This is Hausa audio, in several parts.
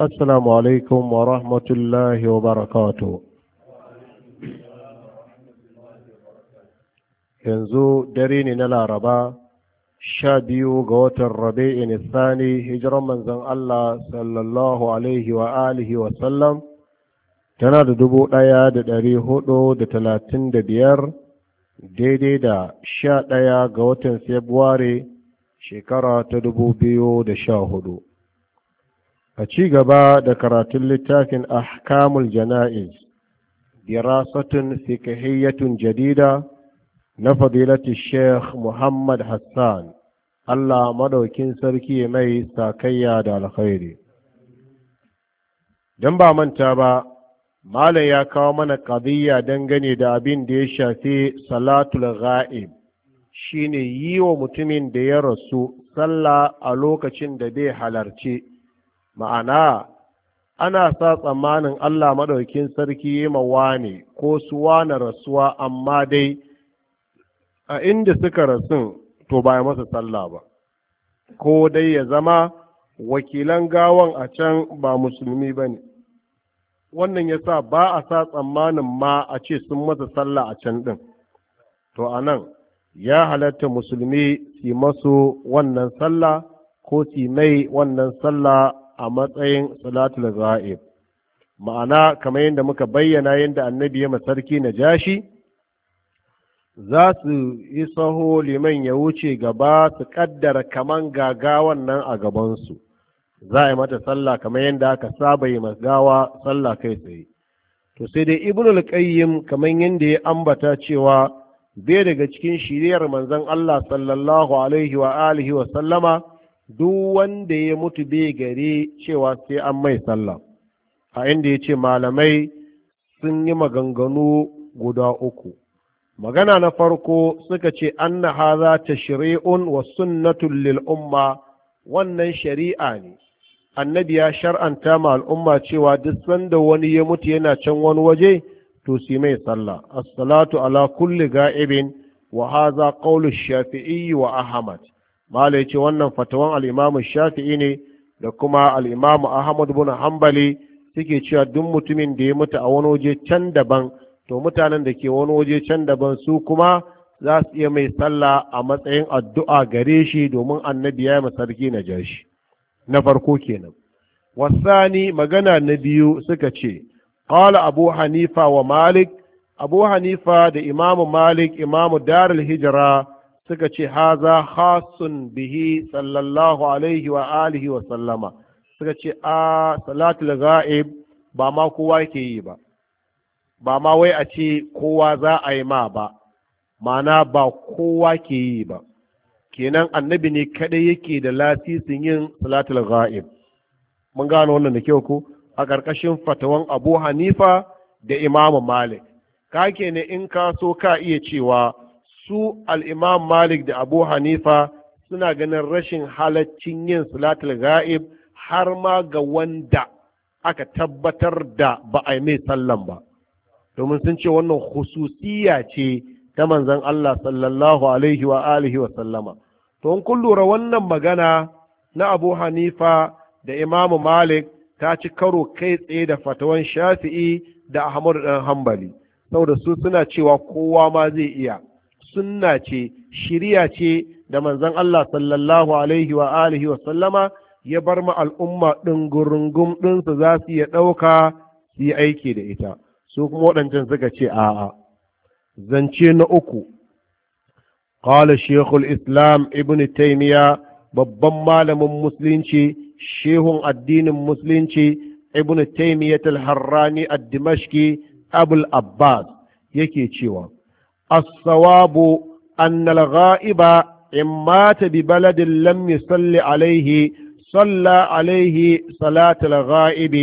السلام عليكم ورحمة الله yanzu dare ne na laraba sha biyu ga watan rabi'in Sani hijiran manzon Allah sallallahu tana da dubu ɗaya da ɗari hudu da talatin da biyar daidai da sha ɗaya ga watan februari shekara ta dubu biyu da sha hudu a ci gaba da karatun littafin ahkamul jana'iz dirasatun fikahiyyatun jadida na fadilati sheikh muhammad hassan allah madaukin sarki mai sakayya da alkhairi don ba manta ba malam ya kawo mana kadiyya dangane da abin da ya shafi salatul ghaib shine yi wa mutumin da ya rasu sallah a lokacin da bai halarci ma'ana ana sa tsammanin Allah maɗaukin sarki yi mawa ne ko suwa na rasuwa amma dai a inda suka rasu, to ba masa sallah ba ko dai ya zama wakilan gawan a can ba musulmi ba ne wannan ya sa ba a sa tsammanin ma a ce sun masa sallah a can ɗin to anan ya halatta musulmi su masu wannan sallah ko su mai wannan sallah a matsayin salatul ghaib ma'ana kamar yadda muka bayyana yadda annabi ya masarki na jashi za su yi saho liman ya wuce gaba su kaddara kaman gagawan nan a gabansu za a yi mata sallah kamar yadda aka saba yi gawa sallah kai tsaye to sai dai ibnul qayyim kamar yadda ya ambata cewa bai daga cikin shiriyar manzon Allah sallallahu alaihi wa alihi wa sallama duk wanda ya mutu bai gare cewa sai an mai sallah a inda ya ce malamai sun yi maganganu guda uku magana na farko suka ce anna haza ta shari'un wa sunnatun lil wannan shari'a ne annabi ya shar'anta ma al'umma cewa duk sanda wani ya mutu yana can wani waje to si mai sallah as ala kulli ga'ibin wa haza qawlu shafi'i wa ahmad mala ya ce wannan fatawan al'imamu shafi'i ne da kuma al'imamu ahmad bin hambali suke cewa duk mutumin da ya mutu a wani waje can daban to mutanen da ke wani waje can daban su kuma za su iya mai sallah a matsayin addu'a gare shi domin annabi ya yi sarki na jashi na farko kenan wasani magana na biyu suka ce qala abu hanifa wa malik abu hanifa da imamu malik imamu darul hijira suka ce haza khasun bihi sallallahu alaihi wa alihi wa sallama suka ce a salatul ghaib ba ma kowa yake yi ba ba ma wai a ce kowa za a yi ma ba mana ba kowa ke yi ba kenan annabi ne kadai yake da lasisin yin salatul ghaib mun gano wannan da kyau ko a ƙarƙashin fatawan Abu Hanifa da Imam Malik ka kenan in ka so ka iya cewa su al'imam malik da abu hanifa suna ganin rashin halaccin yin salatul ga'ib har ma ga wanda aka tabbatar da ba a yi mai sallan ba domin sun ce wannan hususiyya ce ta manzan Allah sallallahu alaihi wa alihi wa sallama to kun lura wannan magana na Abu Hanifa da Imamu Malik ta ci karo kai tsaye da fatawan Shafi'i da Ahmadu ɗan sau saboda su suna cewa kowa ma zai iya sunna ce shirya ce da manzon Allah sallallahu alaihi wa alihi wa sallama ya bar ma al'umma ɗin gurungum su za su iya ɗauka su yi aiki da ita su kuma waɗancan suka ce a'a zance na uku qala shekul islam ibn taimiya babban malamin musulunci shehun addinin musulunci ibn taymiya al-harrani ad-dimashqi abul abbas yake cewa as أن الغائب إن مات ببلد لم يصلي عليه صلى عليه صلاة الغائب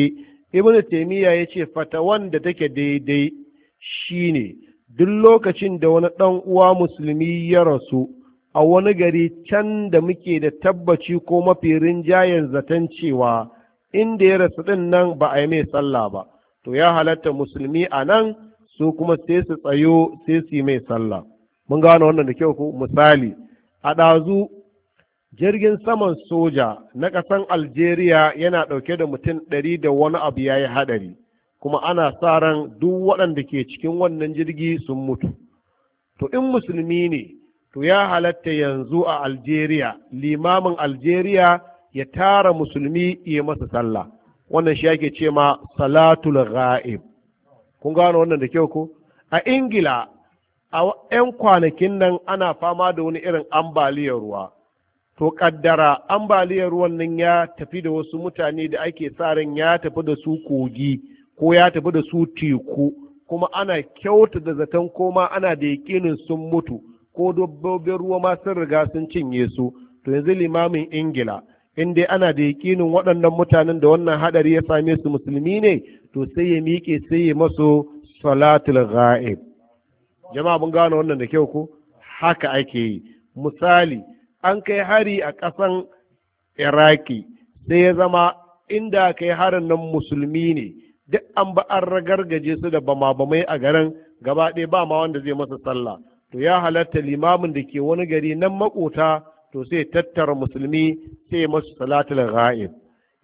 ابن تيمية يتي فتوان دتك دي دي شيني دلو كشين دون دون وا مسلمي يرسو a wani gari can da muke da tabbaci ko mafi rinjayen zaton cewa inda ya rasu din nan ba a yi mai sallah ba to ya halatta musulmi a nan su kuma sai su tsayo sai su yi mai sallah mun gano wannan da kyau ko misali a ɗazu jirgin saman soja na ƙasan algeria yana ɗauke da mutum ɗari da wani abu ya yi haɗari kuma ana sa ran duk waɗanda ke cikin wannan jirgi sun mutu to in musulmi ne to ya halatta yanzu a algeria limamin algeria ya tara musulmi iya masa sallah wannan shi ake ce ma salatul ghaib kun gano wannan da kyau ko a ingila a 'yan kwanakin nan ana fama da wani irin ambaliyar ruwa to kaddara ambaliyar ruwan nan ya tafi da wasu mutane da ake sa ran ya tafi da su kogi ko ya tafi da su teku kuma ana kyauta da zaton koma ana da yakinin sun mutu ko dabbobin ruwa ma sun riga sun cinye su to yanzu limamin ingila in dai ana da yaƙinin waɗannan mutanen da wannan haɗari ya same su musulmi ne to sai ya miƙe sai ya maso salatul ghaib jama'a mun gano wannan da kyau ko haka ake yi misali an kai hari a ƙasan iraki sai ya zama inda kai harin nan musulmi ne duk an ba an ragargaje su da bama-bamai a garin gaba ɗaya ba ma wanda zai masa sallah to ya halatta limamin da ke wani gari nan makota to sai tattara musulmi sai masu salatul ghaib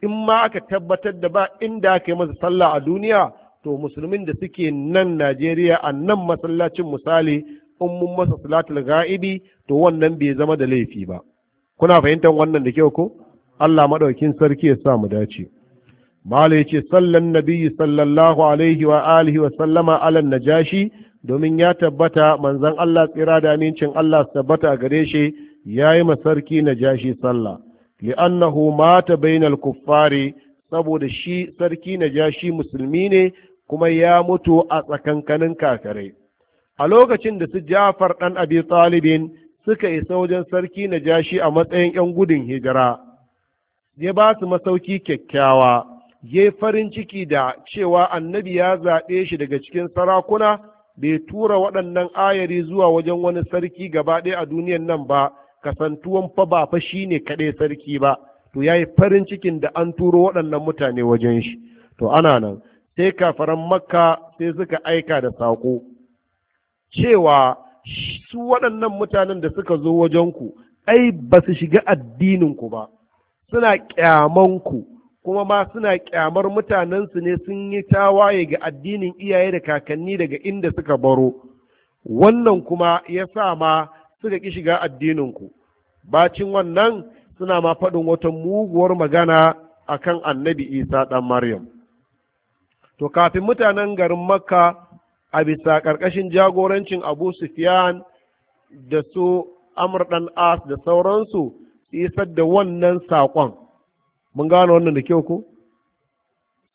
in ma aka tabbatar da ba inda aka yi masa sallah a duniya to musulmin da suke nan najeriya a nan masallacin misali in mun masa salatul ga'ibi to wannan bai zama da laifi ba kuna fahimtar wannan da kyau ko allah maɗaukin sarki ya sa mu dace malai yace sallan nabiyyi sallallahu alaihi wa alihi wa sallama ala najashi domin ya tabbata manzon allah tsira da amincin allah tabbata a gare shi yayi masarki najashi sallah li'annahu mata bainal kuffari saboda shi sarki najashi musulmi ne kuma ya mutu a tsakankanin kafirai a lokacin da su jafar ɗan abin ɗalibin, suka isa wajen sarki na jashi a matsayin 'yan gudun hijira ya basu masauki kyakkyawa ya farin ciki da cewa annabi ya zaɓe shi daga cikin sarakuna bai tura waɗannan ayari zuwa wajen wani sarki gabaɗaya a duniyan nan ba kasantuwan fa ba fa shi ne kaɗai sarki ba to ya yi farin cikin da an turo waɗannan mutane wajen shi to ana nan sai kafaran makka sai suka aika da saƙo cewa su waɗannan mutanen da suka zo wajenku ai ba su shiga addininku ba suna ƙyamanku kuma ma suna ƙyamar mutanensu ne sun yi tawaye ga addinin iyaye da kakanni daga inda suka baro wannan kuma ya sa ma suka ƙi shiga addininku bacin wannan suna ma faɗin wata muguwar magana akan annabi isa ɗan maryam to kafin mutanen garin makka a bisa ƙarƙashin jagorancin abu sufyan da su amur ɗan as da sauransu su isar da wannan saƙon mun gano wannan da kyau ko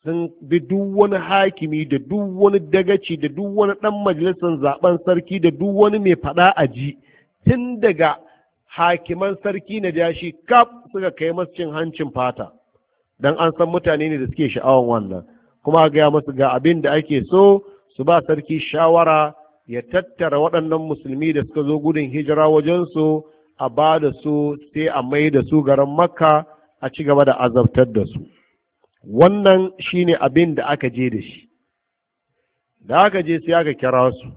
sun bi duk wani hakimi da duk wani dagaci da duk wani ɗan majalisar zaben sarki da duk wani mai faɗa a ji tun daga hakiman sarki na jashi kaf suka kai masu cin hancin fata don an san mutane ne da suke sha'awan wannan kuma a gaya masu ga abin da ake so su ba sarki shawara ya tattara waɗannan musulmi da suka zo gudun hijira wajensu a ba da su sai a mai da su garin makka a ci gaba da azabtar da su wannan shi ne abin da aka je da shi da aka je sai aka kira su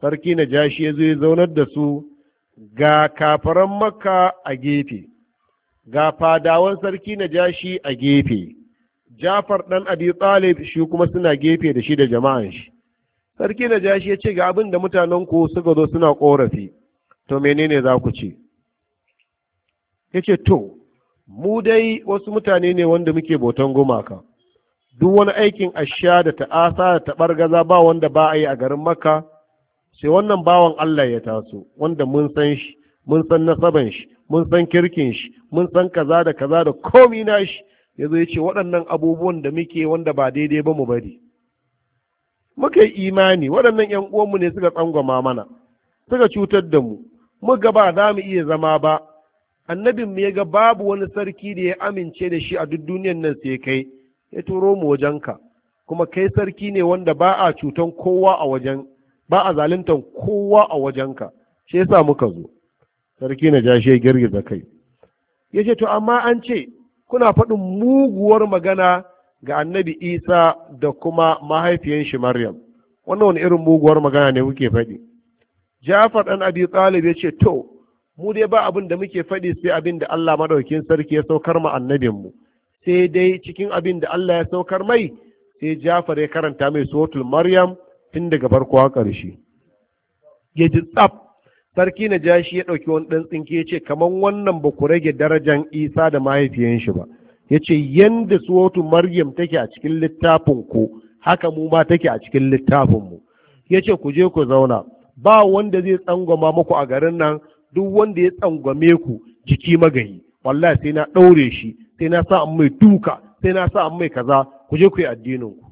sarki na jashi ya zo ya zaunar da su ga kafaran makka a gefe ga fadawan sarki na jashi a gefe jafar ɗan abi talib shi kuma suna gefe da shi da jama'an shi sarki na jashi ya ce ga abin da mutanen ku suka zo suna korafi to menene za ku ce ya ce to mu dai wasu mutane ne wanda muke botan gumaka duk wani aikin asha da ta'asa da taɓargaza ba wanda ba a yi a garin makka sai wannan bawan Allah ya taso wanda mun san shi mun san nasaban shi mun san kirkin shi mun san kaza da kaza da komi na shi ya zo ya ce waɗannan abubuwan da muke wanda ba daidai ba mu bari muka yi imani waɗannan ‘yan uwanmu ne suka tsangwama mana suka cutar da mu ga ba za mu iya zama ba annabin mu ya ga babu wani sarki da ya amince da shi a duk duniyan nan sai kai ya turo mu wajenka kuma kai sarki ne wanda ba a cutan kowa a wajen ba a zaluntar kowa a wajenka shi yasa muka zo sarki na ja shi girgiza kai ya ce to amma an ce kuna faɗin muguwar magana ga annabi isa da kuma mahaifiyan shi maryam wannan wani irin muguwar magana ne kuke faɗi jafar ɗan abi talib ya ce to mu dai ba abin da muke faɗi sai abin da allah maɗaukin sarki ya saukar ma mu. sai dai cikin abin da allah ya saukar mai sai jafar ya karanta mai suratul maryam tun daga farko a ƙarshe ya ji tsaf sarki na ja shi ya ɗauki wani ɗan tsinke ya ce kamar wannan ba ku rage darajan isa da mahaifiyan shi ba ya ce yadda suwatu maryam take a cikin littafin ku haka mu ma take a cikin littafin mu ya ce ku je ku zauna ba wanda zai tsangwama muku a garin nan duk wanda ya tsangwame ku jiki magayi wallahi sai na ɗaure shi sai na sa mai duka sai na sa mai kaza ku je ku yi addinin ku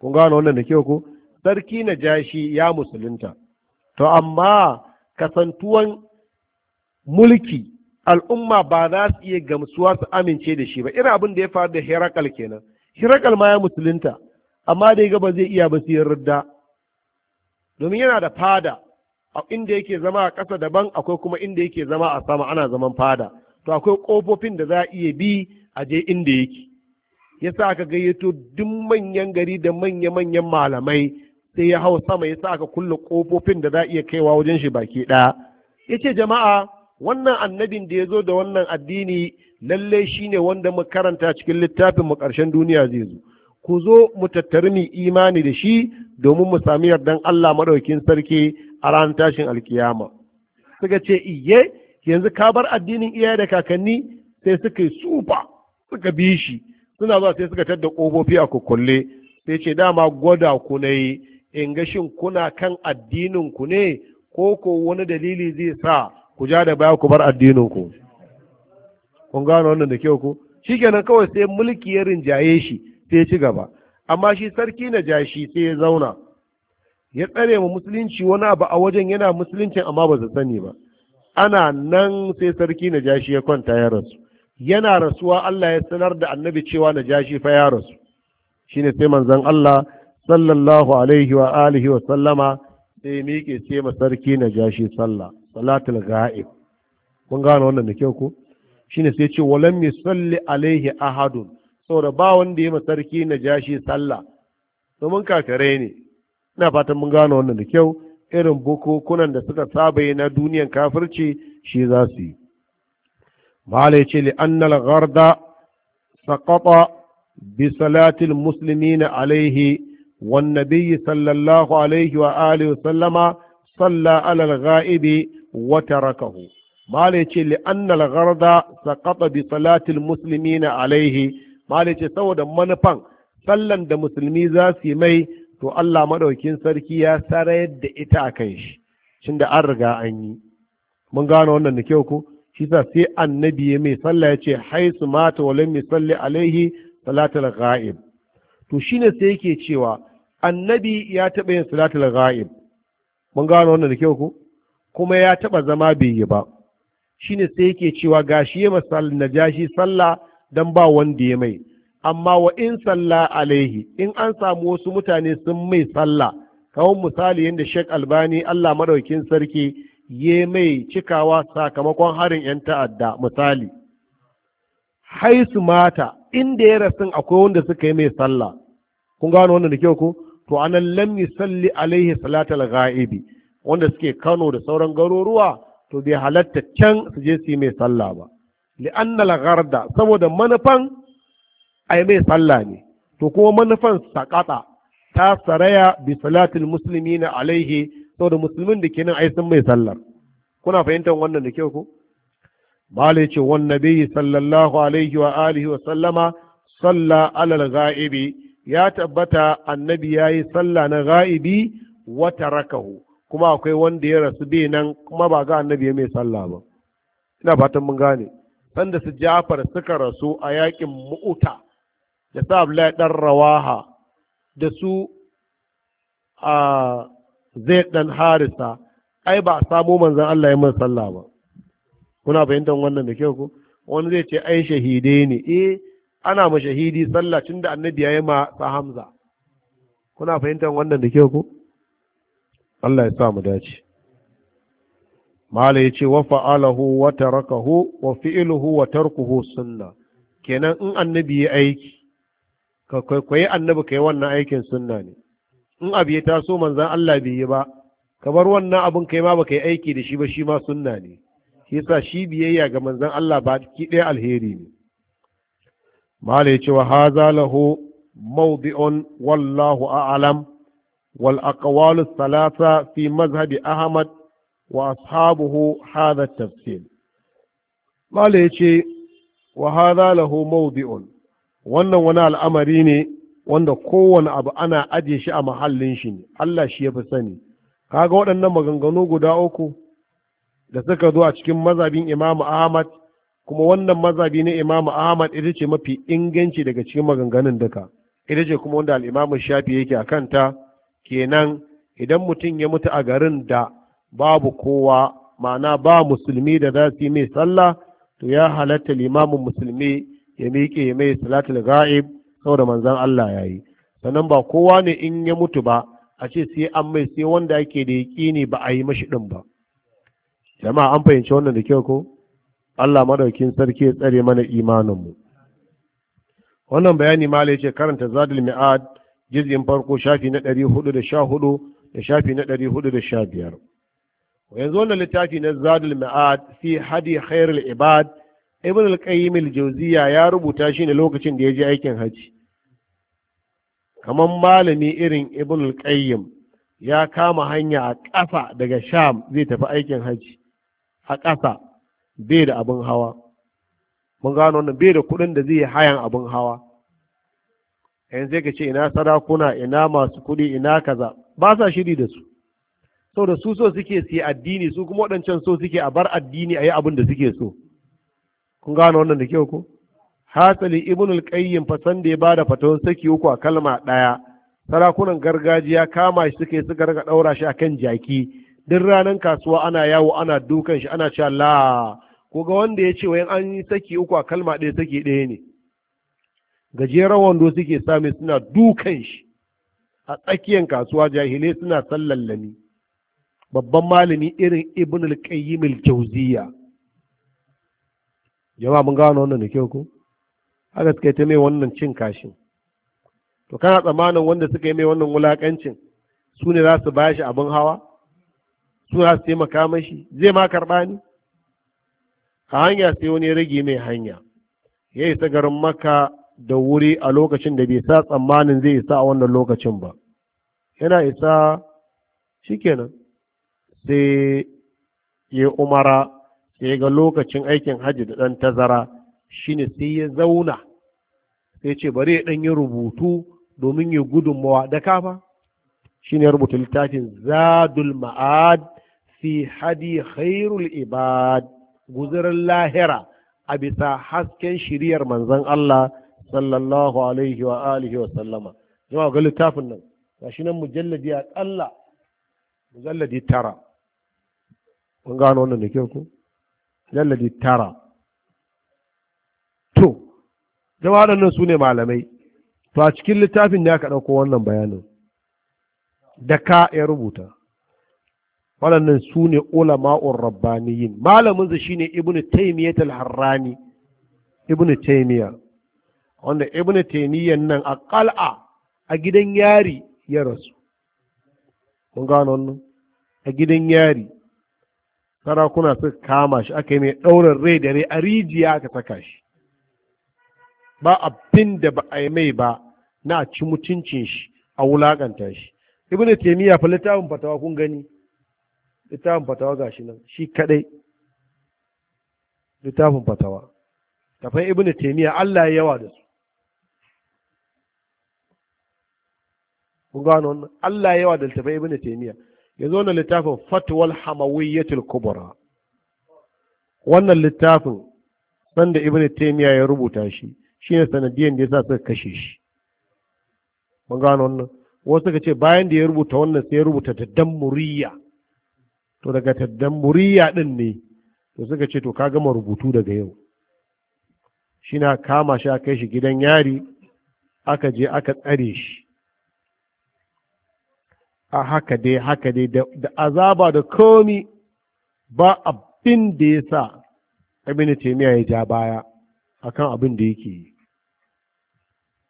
kun gano wannan da kyau ko sarki na jashi ya musulunta to amma kasantuwan mulki al'umma ba za su iya gamsuwa su amince da shi ba irin abin da ya faru da herakal kenan herakal ma ya musulunta amma da ga ba zai iya ba su yarda domin yana da fada inda yake zama a ƙasa daban akwai kuma inda yake zama a sama ana zaman fada to akwai ƙofofin da za a iya bi a je inda yake yasa ka gayyato duk manyan gari da manya-manyan malamai sai ya hau sama ya sa aka kulle kofofin da za iya kaiwa wajen shi baki ɗaya ya ce jama'a wannan annabin da ya zo da wannan addini lalle ne wanda mu karanta cikin littafin mu ƙarshen duniya zai zo ku zo mu tattari mu imani da shi domin mu sami yardan Allah maɗaukin sarki a ranar tashin alkiyama suka ce iye yanzu ka bar addinin iyaye da kakanni sai suka yi sufa suka bi shi suna zuwa sai suka tadda ƙofofi a kukkulle sai ce dama gwada ku na yi in ga shin kuna kan addininku ne ko ko wani dalili zai sa ku ja da baya ku bar addininku? kun gano wannan da kyau ku shikenan kawai sai mulki ya rinjaye shi sai ya ci gaba amma shi sarki na jashi sai ya zauna ya tsare mu musulunci wani abu a wajen yana musuluncin amma ba su sani ba ana nan sai sarki na jashi ya kwanta ya rasu yana rasuwa Allah ya sanar da annabi cewa na jashi fa ya rasu shine sai manzon Allah sallallahu alaihi wa alihi wa sallama sai miƙe ce ma sarki na jashi sallah salatul ga'ib kun gano wannan da kyau ko shine sai ce walam yusalli alaihi ahadun saboda ba wanda ya ma sarki na jashi sallah domin kakare ne ina fatan mun gano wannan da kyau irin bukukunan da suka saba na duniyan kafirci shi za su yi mala ya ce li annal gharda saqata bi salatil muslimina alaihi والنبي صلى الله عليه وآله وسلم صلى على الغائب وتركه ما na لأن الغرض سقط بصلاة المسلمين عليه ما ليتي سوى منفن sallan da musulmi za su yi mai to Allah maɗaukin sarki ya sarayar da ita a kan shi shin da an riga an yi mun gano wannan da kyau ko shi sa sai annabi ya mai sallah ya ce haisu mata wa lam yusalli alaihi salatul ghaib to sai yake cewa annabi ya taɓa yin salatul ghaib mun gano wannan da kyau ko kuma ya taɓa zama bai yi ba shine sai yake cewa gashi ya masal najashi sallah dan ba wanda ya mai amma wa in salla alaihi in an samu wasu mutane sun mai sallah kawon misali yadda Sheikh Albani Allah madaukin sarki ya mai cikawa sakamakon harin 'yan ta'adda misali haisu mata inda ya rasin akwai wanda suka yi mai salla kun gano wannan da kyau ko to anan lam yusalli alaihi salatal ghaibi wanda suke Kano da sauran garuruwa to bai halatta can su je su mai sallah ba li'anna al garda saboda manufan ai mai sallah ne to kuma manufan sakata ta saraya bi salatil muslimina alaihi saboda musulmin da kenan ai sun mai sallar kuna fahimtar wannan da kyau ko malai ce wannan nabi sallallahu alaihi wa alihi wa sallama salla alal ghaibi ya tabbata annabi ya yi sallah na ga'ibi wata rakahu kuma akwai wanda ya rasu bai nan kuma ba ga annabi ya mai sallah ba ina fatan mun gane sanda su jafar suka rasu a yakin Muta, da sa abdullahi dan rawaha da su a zai dan harisa ai ba a samo manzon Allah ya mai sallah ba kuna fahimtar wannan da kyau ko wani zai ce ai shahide ne eh ana ma shahidi sallah tunda annabi yayi ma sa hamza kuna fahimtar wannan da ke ku Allah ya sa mu dace mala yace wa fa'alahu wa tarakahu wa fi'luhu wa tarkuhu sunna kenan in annabi ya aiki ka kai annabi kai wannan aikin sunna ne in abu ya taso manzan Allah bai yi ba ka bar wannan abin kai ma baka yi aiki da shi ba shi ma sunna ne shi yasa shi biyayya ga manzan Allah ba ki ɗaya alheri ne malai yace wa haza lahu mawdi'un wallahu a'lam wal aqwalu thalatha fi mazhabi ahmad wa ashabuhu hadha tafsil malai ce wa haza lahu mawdi'un wannan wani al'amari ne wanda kowane abu ana ajiye shi a mahallin shi ne Allah shi yafi fi sani kaga waɗannan maganganu guda uku da suka zo a cikin mazhabin imamu ahmad kuma wannan mazhabi na Imam Ahmad ita ce mafi inganci daga cikin maganganun duka ita ce kuma wanda al'imamu Shafi yake a kanta kenan idan mutum ya mutu a garin da babu kowa ma'ana ba musulmi da za su yi mai sallah to ya halatta limamin musulmi ya miƙe ya mai salatul ga'ib saboda manzon Allah ya yi sannan ba kowa ne in ya mutu ba a ce sai an mai sai wanda ake da yaƙini ba a yi mashi ɗin ba jama'a an fahimci wannan da kyau ko Allah madaukin sarki ya tsare mana imaninmu wannan bayani mala ce karanta zadul mi'ad juz'in farko shafi na 414 da shafi na 415 yanzu wannan littafi na zadul mi'ad fi hadi khairul ibad ibn al-qayyim al-jawziya ya rubuta shi ne lokacin da ya je aikin haji kamar malami irin ibn al-qayyim ya kama hanya a ƙasa daga sham zai tafi aikin haji a ƙasa bai da abin hawa mun gano wannan bai da kuɗin da zai hayan abin hawa yanzu sai ka ce ina sarakuna ina masu kuɗi ina kaza ba sa shiri da su sau da su so suke su addini su kuma waɗancan so suke a bar addini a yi abin da suke so kun gano wannan da kyau ko hatsali ibn al-qayyim fa san da ya bada fatawan saki uku a kalma ɗaya sarakunan gargajiya kama shi suke suka rika ɗaura shi akan jaki duk ranar kasuwa ana yawo ana dukan shi ana cewa la ko ga wanda ya ce wa an yi saki uku a kalma ɗaya saki ɗaya ne gajeren wando suke sami suna dukan shi a tsakiyar kasuwa jahilai suna sallallami babban malami irin ibn al-qayyim al-jawziya jama'a mun gano wannan da kyau ko haka suka ta mai wannan cin kashin to kana tsammanin wanda suka yi mai wannan wulakancin su ne za su bashi abin hawa su za su taimaka mashi zai ma karɓa ni a hanya sai wani rage mai hanya ya isa garin maka da wuri a lokacin da bai sa tsammanin zai isa a wannan lokacin ba yana isa shikenan sai ya umara sai ga lokacin aikin hajji da ɗan tazara shine sai ya zauna sai ce bari ya ɗan yi rubutu domin ya gudunmawa da kafa shine ya rubuta littafin zadul ma'ad fi hadi khairul ibad guzurin lahira a bisa hasken shiriyar manzan Allah sallallahu alaihi wa alihi wa sallama jama'a ga littafin nan shi nan mujalladi a ƙalla mujalladi tara mun gano wannan da kyau ko mujalladi tara to jama'a waɗannan su ne malamai to a cikin littafin ne aka ɗauko wannan bayanin da ka ya rubuta waɗannan su ne ulama'un rabbaniyin malaminsa shine ibnu taimiyyat al-harrani ibnu taimiyya wanda ibnu taimiyyan nan a ƙal'a a gidan yari ya rasu mun gano wannan a gidan yari sarakuna suka kama shi aka yi mai ɗaurin rai da rai a rijiya aka saka shi ba abin da ba a yi mai ba na ci mutuncin shi a wulaƙanta shi ibnu taimiyya fa littafin fatawa kun gani littafin fatawa ga shi nan shi kadai littafin fatawa tafai ibn taimiyya Allah ya yawa da su kun gano wannan Allah ya yawa da tafai ibn taimiyya ya zo na littafin fatwal hamawiyyatul kubra wannan littafin sanda ibn taimiyya ya rubuta shi shine sanadiyan da yasa suka kashe shi mun gano wannan wasu suka ce bayan da ya rubuta wannan sai ya rubuta da muriya to daga taddan muriya ɗin ne to suka ce to ka gama rubutu daga yau shi na kama shi kai shi gidan yari aka je aka tsare shi a haka dai haka dai da azaba da komi ba abin da ya sa abin da ya ja baya akan abin da yake yi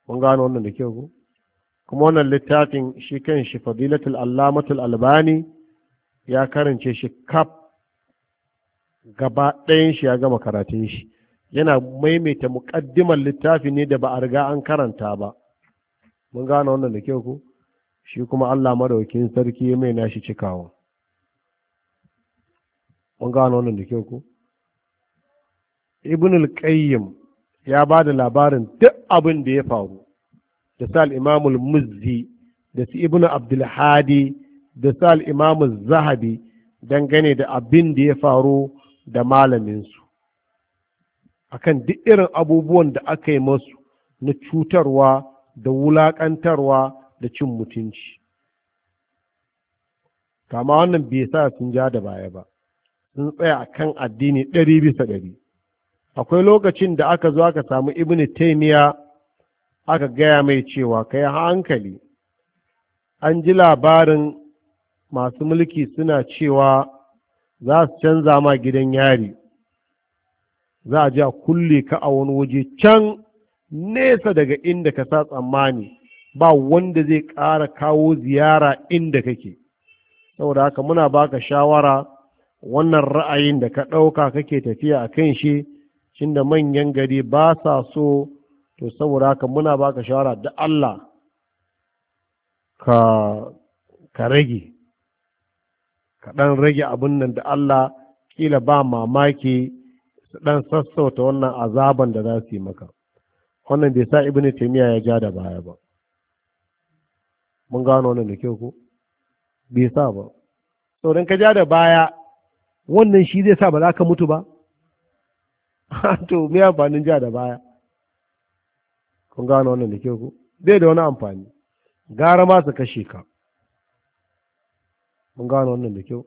mun gano wannan da kyau kuma wannan littafin shi kan shi fadilatul allamatul albani ya karance shi kaf gaba ɗayan shi ya gama karatun shi yana maimaita muƙaddimar littafi ne da ba a riga an karanta ba mun gane wannan da kyau ku shi kuma Allah madaukin sarki ya mai nashi cikawa mun gane wannan da kyau ku ibn al-qayyim ya ba da labarin duk abin da ya faru da sa al-imamul muzzi da su ibn abdul hadi da sa al'imamu zahabi dangane da abin da ya faru da malaminsu akan duk irin abubuwan da aka yi masu na cutarwa da wulaƙantarwa da cin mutunci kama wannan bai sa sun ja da baya ba sun tsaya a kan addini ɗari bisa ɗari akwai lokacin da aka zo aka samu ibini taimiya aka gaya mai cewa ka yi hankali an ji labarin masu mulki suna cewa za su canza ma gidan yari za a ji a kulle ka a wani waje can nesa daga inda ka sa tsammani ba wanda zai ƙara kawo ziyara inda kake saboda haka muna baka shawara wannan ra'ayin da ka ɗauka kake tafiya a kan shi cin da manyan gari ba sa so to saboda haka muna baka shawara da Allah ka rage ka ɗan rage abin nan da Allah kila ba mamaki su ɗan sassauta wannan azaban da za su yi maka wannan bai sa ibn taimiyya ya ja da baya ba mun gano wannan da kyau ko bai sa ba sau don ka ja da baya wannan shi zai sa ba za ka mutu ba to me amfanin ja da baya kun gano wannan da kyau ko bai da wani amfani gara ma su kashe ka mun gano wannan da kyau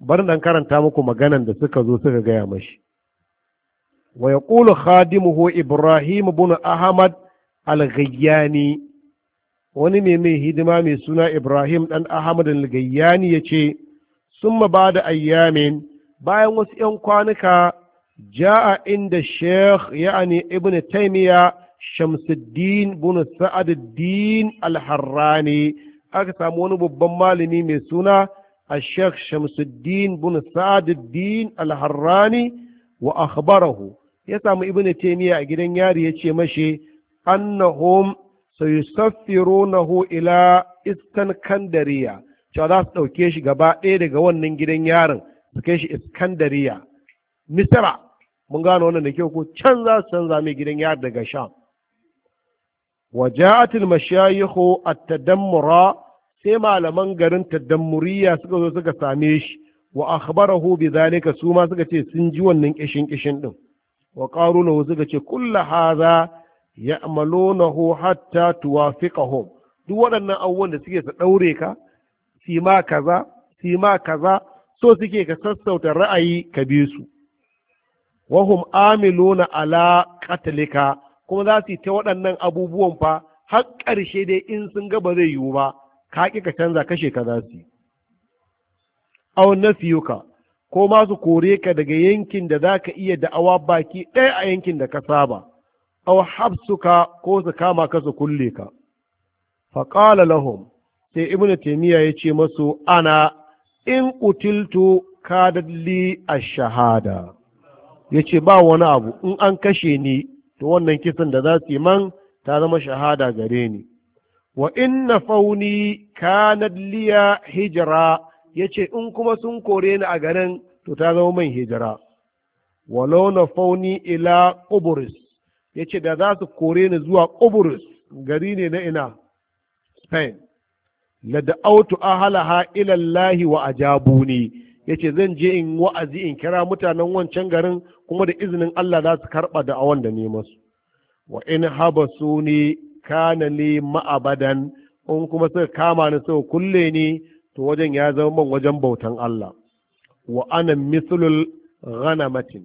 bari dan karanta muku maganan da suka zo suka gaya mashi wa yaqulu khadimuhu ibrahim ibn ahmad al-ghayyani wani ne mai hidima mai suna ibrahim dan ahmad al-gayyani ya ce sun ba da ayyamin bayan wasu 'yan kwanuka ja'a inda sheikh ya'ani ibn taymiya shamsuddin bin sa'aduddin al-harrani aka samu wani babban malami mai suna الشيخ شمس الدين بن سعد الدين الهراني وأخبره يسام ابن تيمية أجدن ياري يتشي مشي أنهم سيسفرونه إلى إسكندرية cewa za su ɗauke shi gaba ɗaya daga wannan gidan yarin suke shi iskandariya misra mun gano wannan da kyau ko can za su canza mai gidan yari daga sham waja'atul mashayikhu at-tadammura sai malaman garin muriya suka zo suka same shi wa akhbarahu bi zalika su ma suka ce sun ji wannan kishin kishin din wa qaruna suka ce kullu hadha ya'malunahu hatta tuwafiqahum duk waɗannan abubuwan da suke su ɗaure ka ma kaza ma kaza so suke ka sassauta ra'ayi ka bi su Wa wahum amiluna ala qatlika kuma za su yi ta waɗannan abubuwan fa har ƙarshe dai in sun ga ba zai yiwu ba ka ƙi ka canza kashe ka za su yi au nafiyuka ko ma su kore ka daga yankin da za ka iya da'awa baki ɗaya a yankin da ka saba au habsuka ko su kama ka su kulle ka faƙala lahum sai ibn taimiyya ya ce masu ana in ka kadalli a shahada ya ce ba wani abu in an kashe ni to wannan kisan da za su yi man ta zama shahada gare ni wa inna fauni kanad liya hijira yace in kuma sun kore ni a garin to ta zama min hijira walau na fauni ila ƙuburis yace da za su kore ni zuwa ƙuburis gari ne na ina spain la da autu ahalaha ilallahi wa ajabuni ya zan je in wa'azi in kira mutanen wancan garin kuma da izinin allah za su karɓa da da ne masu wa in haba su ne kana li ma'abadan in kuma suka kama ni suka kulle ni to wajen ya zama man wajen bautan Allah wa ana mislul ghanamatin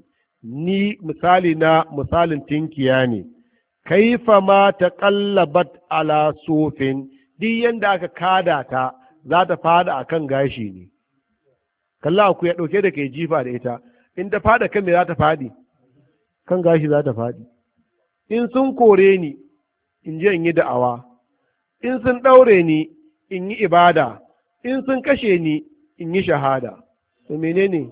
ni misali na misalin tinkiya ne kaifa ma taqallabat ala sufin di yanda aka kada ta za ta fada akan gashi ne kalla ku ya dauke da kai jifa da ita in ta fada kan me za ta fadi kan gashi za ta fadi in sun kore ni in je in yi da'awa in sun ɗaure ni in yi ibada in sun kashe ni in yi shahada to menene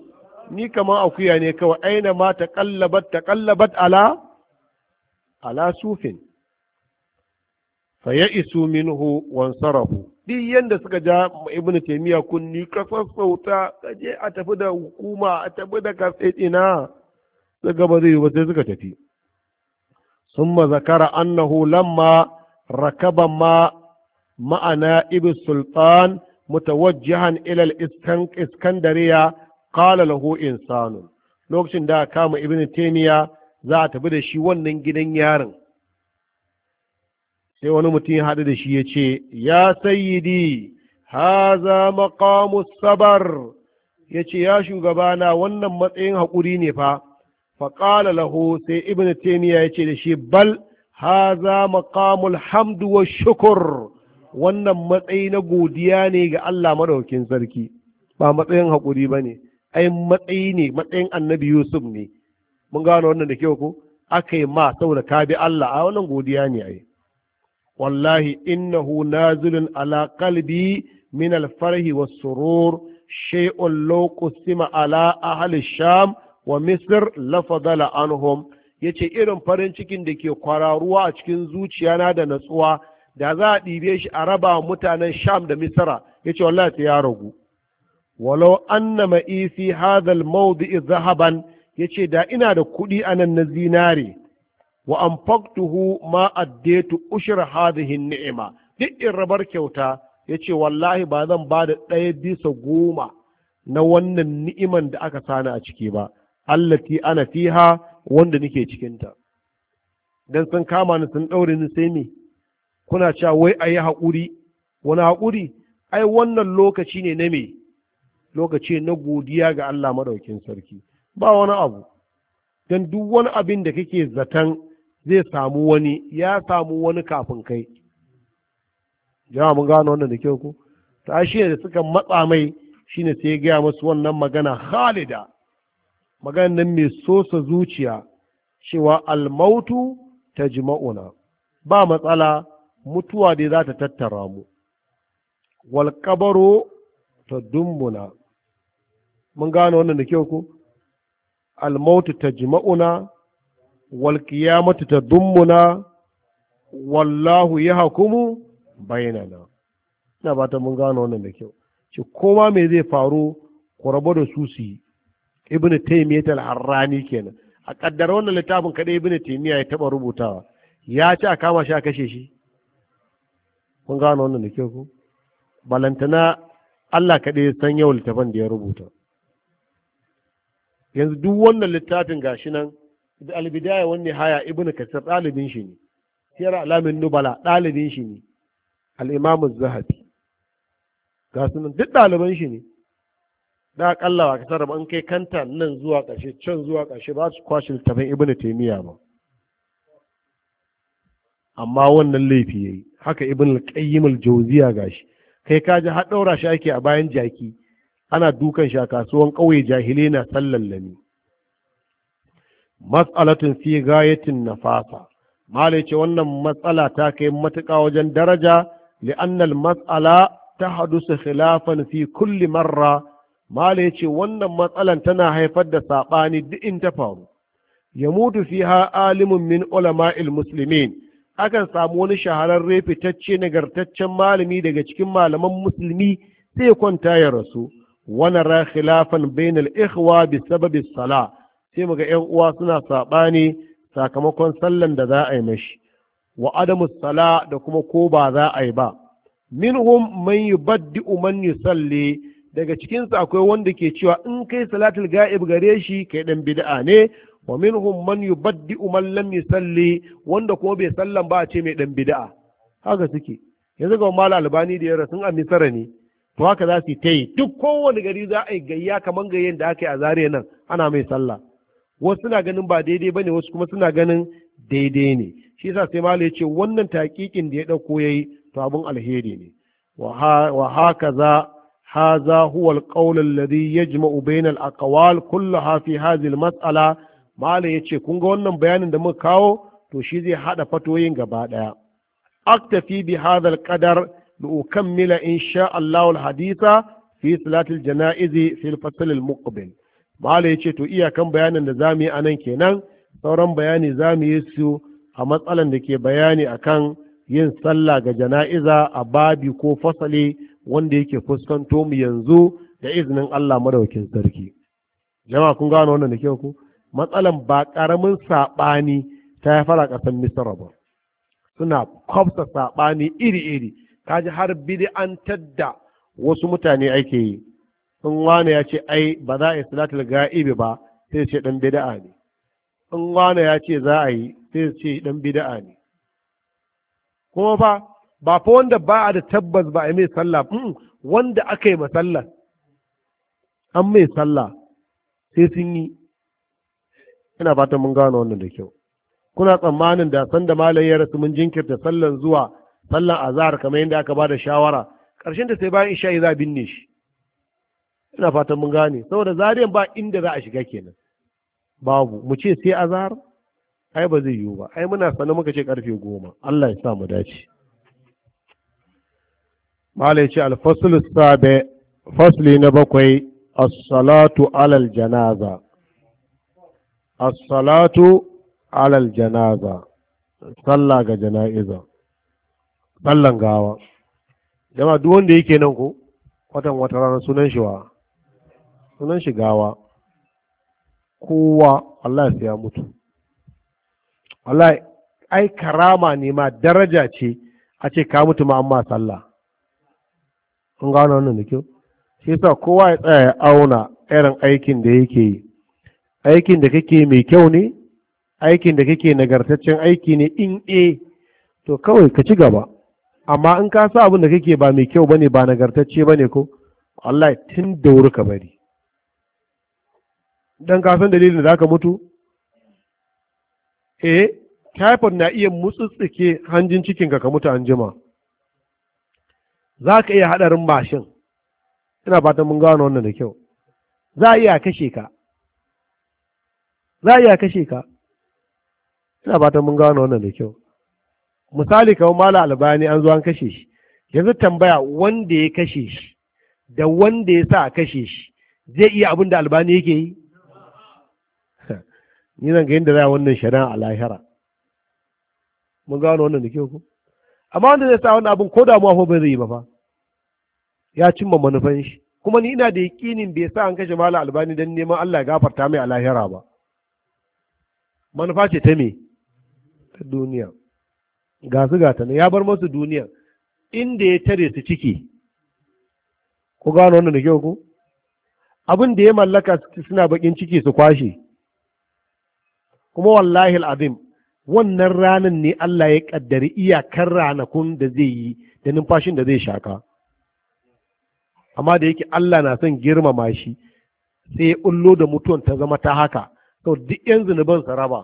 ni kamar akuya ne kawai aina ma ta kallabat ta kallabat ala ala sufin fa isu minhu wansarahu duk yanda suka ja ibn taimiyya kunni ka sassauta ka je a tafi da hukuma a tafi da kasai ina suka ba zai ba sai suka tafi ثم ذكر أنه لما ركب ما مع نائب السلطان متوجها إلى الإسكندرية قال له إنسان لوكشن دا كام ابن تيمية ذات da shi wannan gidan yarin. sai wani mutum ya haɗu da shi ya ce ya sayyidi haza maqamu sabar ya ce ya shugabana wannan matsayin haƙuri ne fa faƙala lahu sai ibn taimiyya ya ce da shi bal haza maqamul hamdu wa shukur wannan matsayi na godiya ne ga Allah madaukakin sarki ba matsayin hakuri ba ne ai matsayi ne matsayin annabi yusuf ne mun gano wannan da kyau ko aka yi ma saboda ka bi Allah a wannan godiya ne ai wallahi innahu nazilun ala qalbi min alfarhi was surur shay'un law ala ahli sham wa misir lafadala anhum yace irin farin cikin da ke kwararuwa a cikin zuciya na da natsuwa da za a ɗibe shi a raba mutanen sham da misra yace ce wallahi sai ya ragu walau anna ma'isi hadhal mawdi'i zahaban ya ce da ina da kuɗi a nan na zinare wa anfaqtuhu ma addetu ushra hadhihi ni'ima duk in rabar kyauta yace wallahi ba zan ba da ɗaya bisa goma na wannan ni'iman da aka sani a ciki ba allati ana fiha wanda nake cikinta dan sun kama ni sun ɗaure ni sai me kuna cewa wai a yi haƙuri wani haƙuri ai wannan lokaci ne na me lokaci na godiya ga Allah maɗaukin sarki ba wani abu don duk wani abin da kake zaton zai samu wani ya samu wani kafin kai jama'a mun gano wannan da kyau ko ta shi ne da suka matsa mai shine sai ya gaya masu wannan magana khalida Maganin nan mai sosa zuciya cewa almautu ta jima'una ba matsala mutuwa dai za ta tattara mu walƙabaro ta dumbuna mun gane wannan da kyau ku. almautu ta jima'una walƙiyamatu ta dumbuna wallahu ya hakumu bayanana ina ba ta mun gane wannan da kyau ce koma me zai faru ku rabu da su su yi ibn taymiyyah al-harrani kenan a kaddara wannan littafin kada ibn taymiyyah ya taba rubutawa ya ci a kama shi a kashe shi kun gano wannan da kyau ko balantana Allah kaɗai ya san yau littafin da ya rubuta yanzu duk wannan littafin gashi nan da albidaya wani haya ibn kasir dalibin shi ne siyar alamin nubala dalibin shi ne al'imamu zahabi ga sunan duk ɗaliban shi ne da akalla ba ka tara ba in kai kanta nan zuwa ƙarshe can zuwa ƙarshe ba su kwashe littafin ibnu taymiya ba amma wannan laifi yayi haka ibnu al-qayyim al-jawziya gashi kai ka ji har daura shi ake a bayan jaki ana dukan shi a kasuwan ƙauye jahili na sallallami mas'alatin fi gayatin nafasa malai ce wannan matsala ta kai matuƙa wajen daraja li'annal mas'ala ta su khilafan fi kulli marra mala ya ce wannan matsalan tana haifar da saɓani duk in ta faru ya mutu fi ha alimin min ulama il musulmi akan samu wani shahararre fitacce nagartaccen malami daga cikin malaman musulmi sai kwanta ya rasu wani ra khilafan bainal ikhwa bi sababi sala sai muga yan uwa suna saɓani sakamakon sallan da za a yi mashi wa adamu sala da kuma ko ba za a yi ba minhum man yubaddi'u man yusalli daga cikinsu akwai wanda ke cewa in kai salatul ga'ib gare shi kai dan bid'a ne wa minhum man yubaddi'u man lam yusalli wanda ko bai sallan ba a ce mai dan bid'a haka suke yanzu ga mal albani da yara sun amisara ne to haka za su ta yi duk kowane gari za a yi gayya kamar gayyen da aka yi a zare nan ana mai sallah wasu suna ganin ba daidai bane wasu kuma suna ganin daidai ne shi yasa sai mala ya ce wannan taƙiƙin da ya dauko ya yi to abun alheri ne wa haka za هذا هو القول الذي يجمع بين الأقوال كلها matsala. هذه المسألة ما لا يتشي كونغ ونن بيان دم كاو to shi zai haɗa fatoyin gaba ɗaya aktafi bi hadha alqadar bi ukammila insha Allah alhaditha fi salat aljana'iz fi alfasl almuqbil mala yace to iyakan bayanin da zamu yi anan kenan sauran bayani zamu yi su a matsalan da ke bayani akan yin sallah ga jana'iza a babi ko fasali wanda yake fuskanto mu yanzu da izinin Allah madaukin sarki jama'a kun gano wannan da kyau ku matsalan ba karamin saɓani ta ya fara ƙasar misra ba suna kwafsa saɓani iri-iri ji har bid'antar da wasu mutane ake yi in wani ya ce ai ba za a yi salatul ga'ibi ba sai ce dan bid'a ne in wani ya ce za a yi sai ce dan bid'a ne kuma fa ba fa wanda ba a da tabbas ba a mai sallah mm, wanda aka yi masallar an mai sallah sai sun yi ina fatan mun gano wannan da kyau kuna tsammanin da sanda malayi ya rasu mun jinkirta sallan zuwa sallan azhar kamar yadda aka ba da shawara karshen da sai bayan isha'i za binne shi ina fatan mun gane saboda zariyan ba inda za a shiga kenan babu mu ce sai azhar ai ba zai yiwu ba ai muna sanar muka ce karfe goma Allah ya sa mu dace malai ce alfasul sabe fasli na bakwai Assalatu, alal janaza assalatu alal janaza sallah ga jana'iza sallan gawa jama duk wanda yake nan ko watan wata rana sunan shi wa sunan shi gawa kowa Allah ya mutu wallahi ai karama ne ma daraja ce a ce ka mutu ma amma sallah An gano wannan da kyau shi yasa kowa ya tsaya ya auna irin aikin da yake yi aikin da kake mai kyau ne aikin da kake nagartaccen aiki ne in e to kawai ka ci gaba amma in ka sa abin da kake ba mai kyau bane ba nagartacce bane ko wallahi tun da wuri ka bari dan ka san dalilin da zaka mutu eh typhoid na iya mutsutsuke hanjin cikinka ka mutu anjima jima za ka iya haɗarin mashin ina fatan mun gano wannan da kyau za a iya kashe ka za a iya kashe ka ina fatan mun gano wannan da kyau misali kawo mala albani an zo an kashe shi yanzu tambaya wanda ya kashe shi da wanda ya sa kashe shi zai iya abin da albani yake yi ni zan ga yadda za a wannan shari'a a lahira mun gano wannan da kyau ku. amma wanda zai sa wani abin ko damuwa ko bai zai yi ba fa ya cimma manufan shi kuma ni ina da yaƙinin bai sa an kashe malam albani don neman Allah ya gafarta mai a lahira ba manufa ce ta me ta duniya ga su ga ya bar masu duniya inda ya tare su ciki ku gano wannan da kyau ku abin da ya mallaka suna bakin ciki su kwashe kuma wallahi al'azim wannan ranan ne Allah ya kaddari iyakar ranakun da zai yi da numfashin da zai shaka amma da yake Allah na son girmama shi sai ya ullo da mutuwan ta zama ta haka sau duk yan zunuban sa raba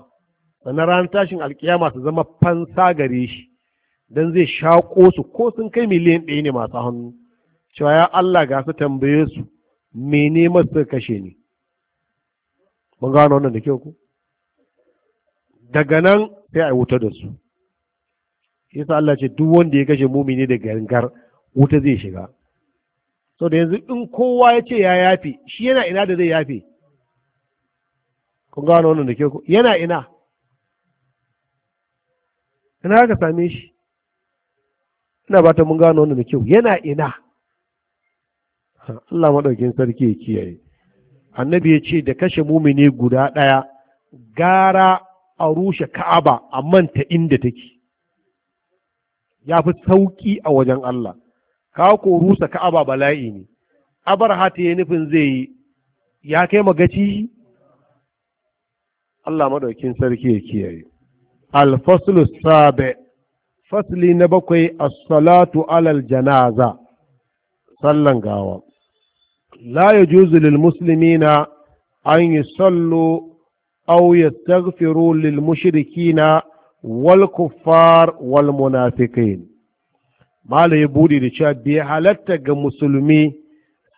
sannan ranar tashin alkiyama su zama fansa gare shi don zai shaƙo su ko sun kai miliyan ɗaya ne masu hannu cewa ya Allah ga su tambaye su mene masu kashe ne mun gano wannan da kyau ku daga nan sai a wuta da su yasa Allah ce duk wanda ya kashe mumini da gangar wuta zai shiga sau da yanzu in kowa ya ce ya yafe shi yana ina da zai yafe kun gano wannan da ke ku yana ina ina haka same shi ina ba ta mun gano wannan da kyau yana ina Allah maɗaukin sarki ya kiyaye annabi ya ce da kashe mumini guda ɗaya gara a rushe ka'aba a manta inda take ya fi sauƙi a wajen Allah ka ko rusa ka'aba bala'i ne abarha ta yi nufin zai yi ya kai magaci Allah madaukin sarki ya kiyaye alfaslu sabe fasli na bakwai a salatu alal janaza sallan gawa la yajuzu lil muslimina an yusallu aw yastaghfiru lil mushrikina wal kuffar wal munafiqin malai ya bude da cewa bai halatta ga musulmi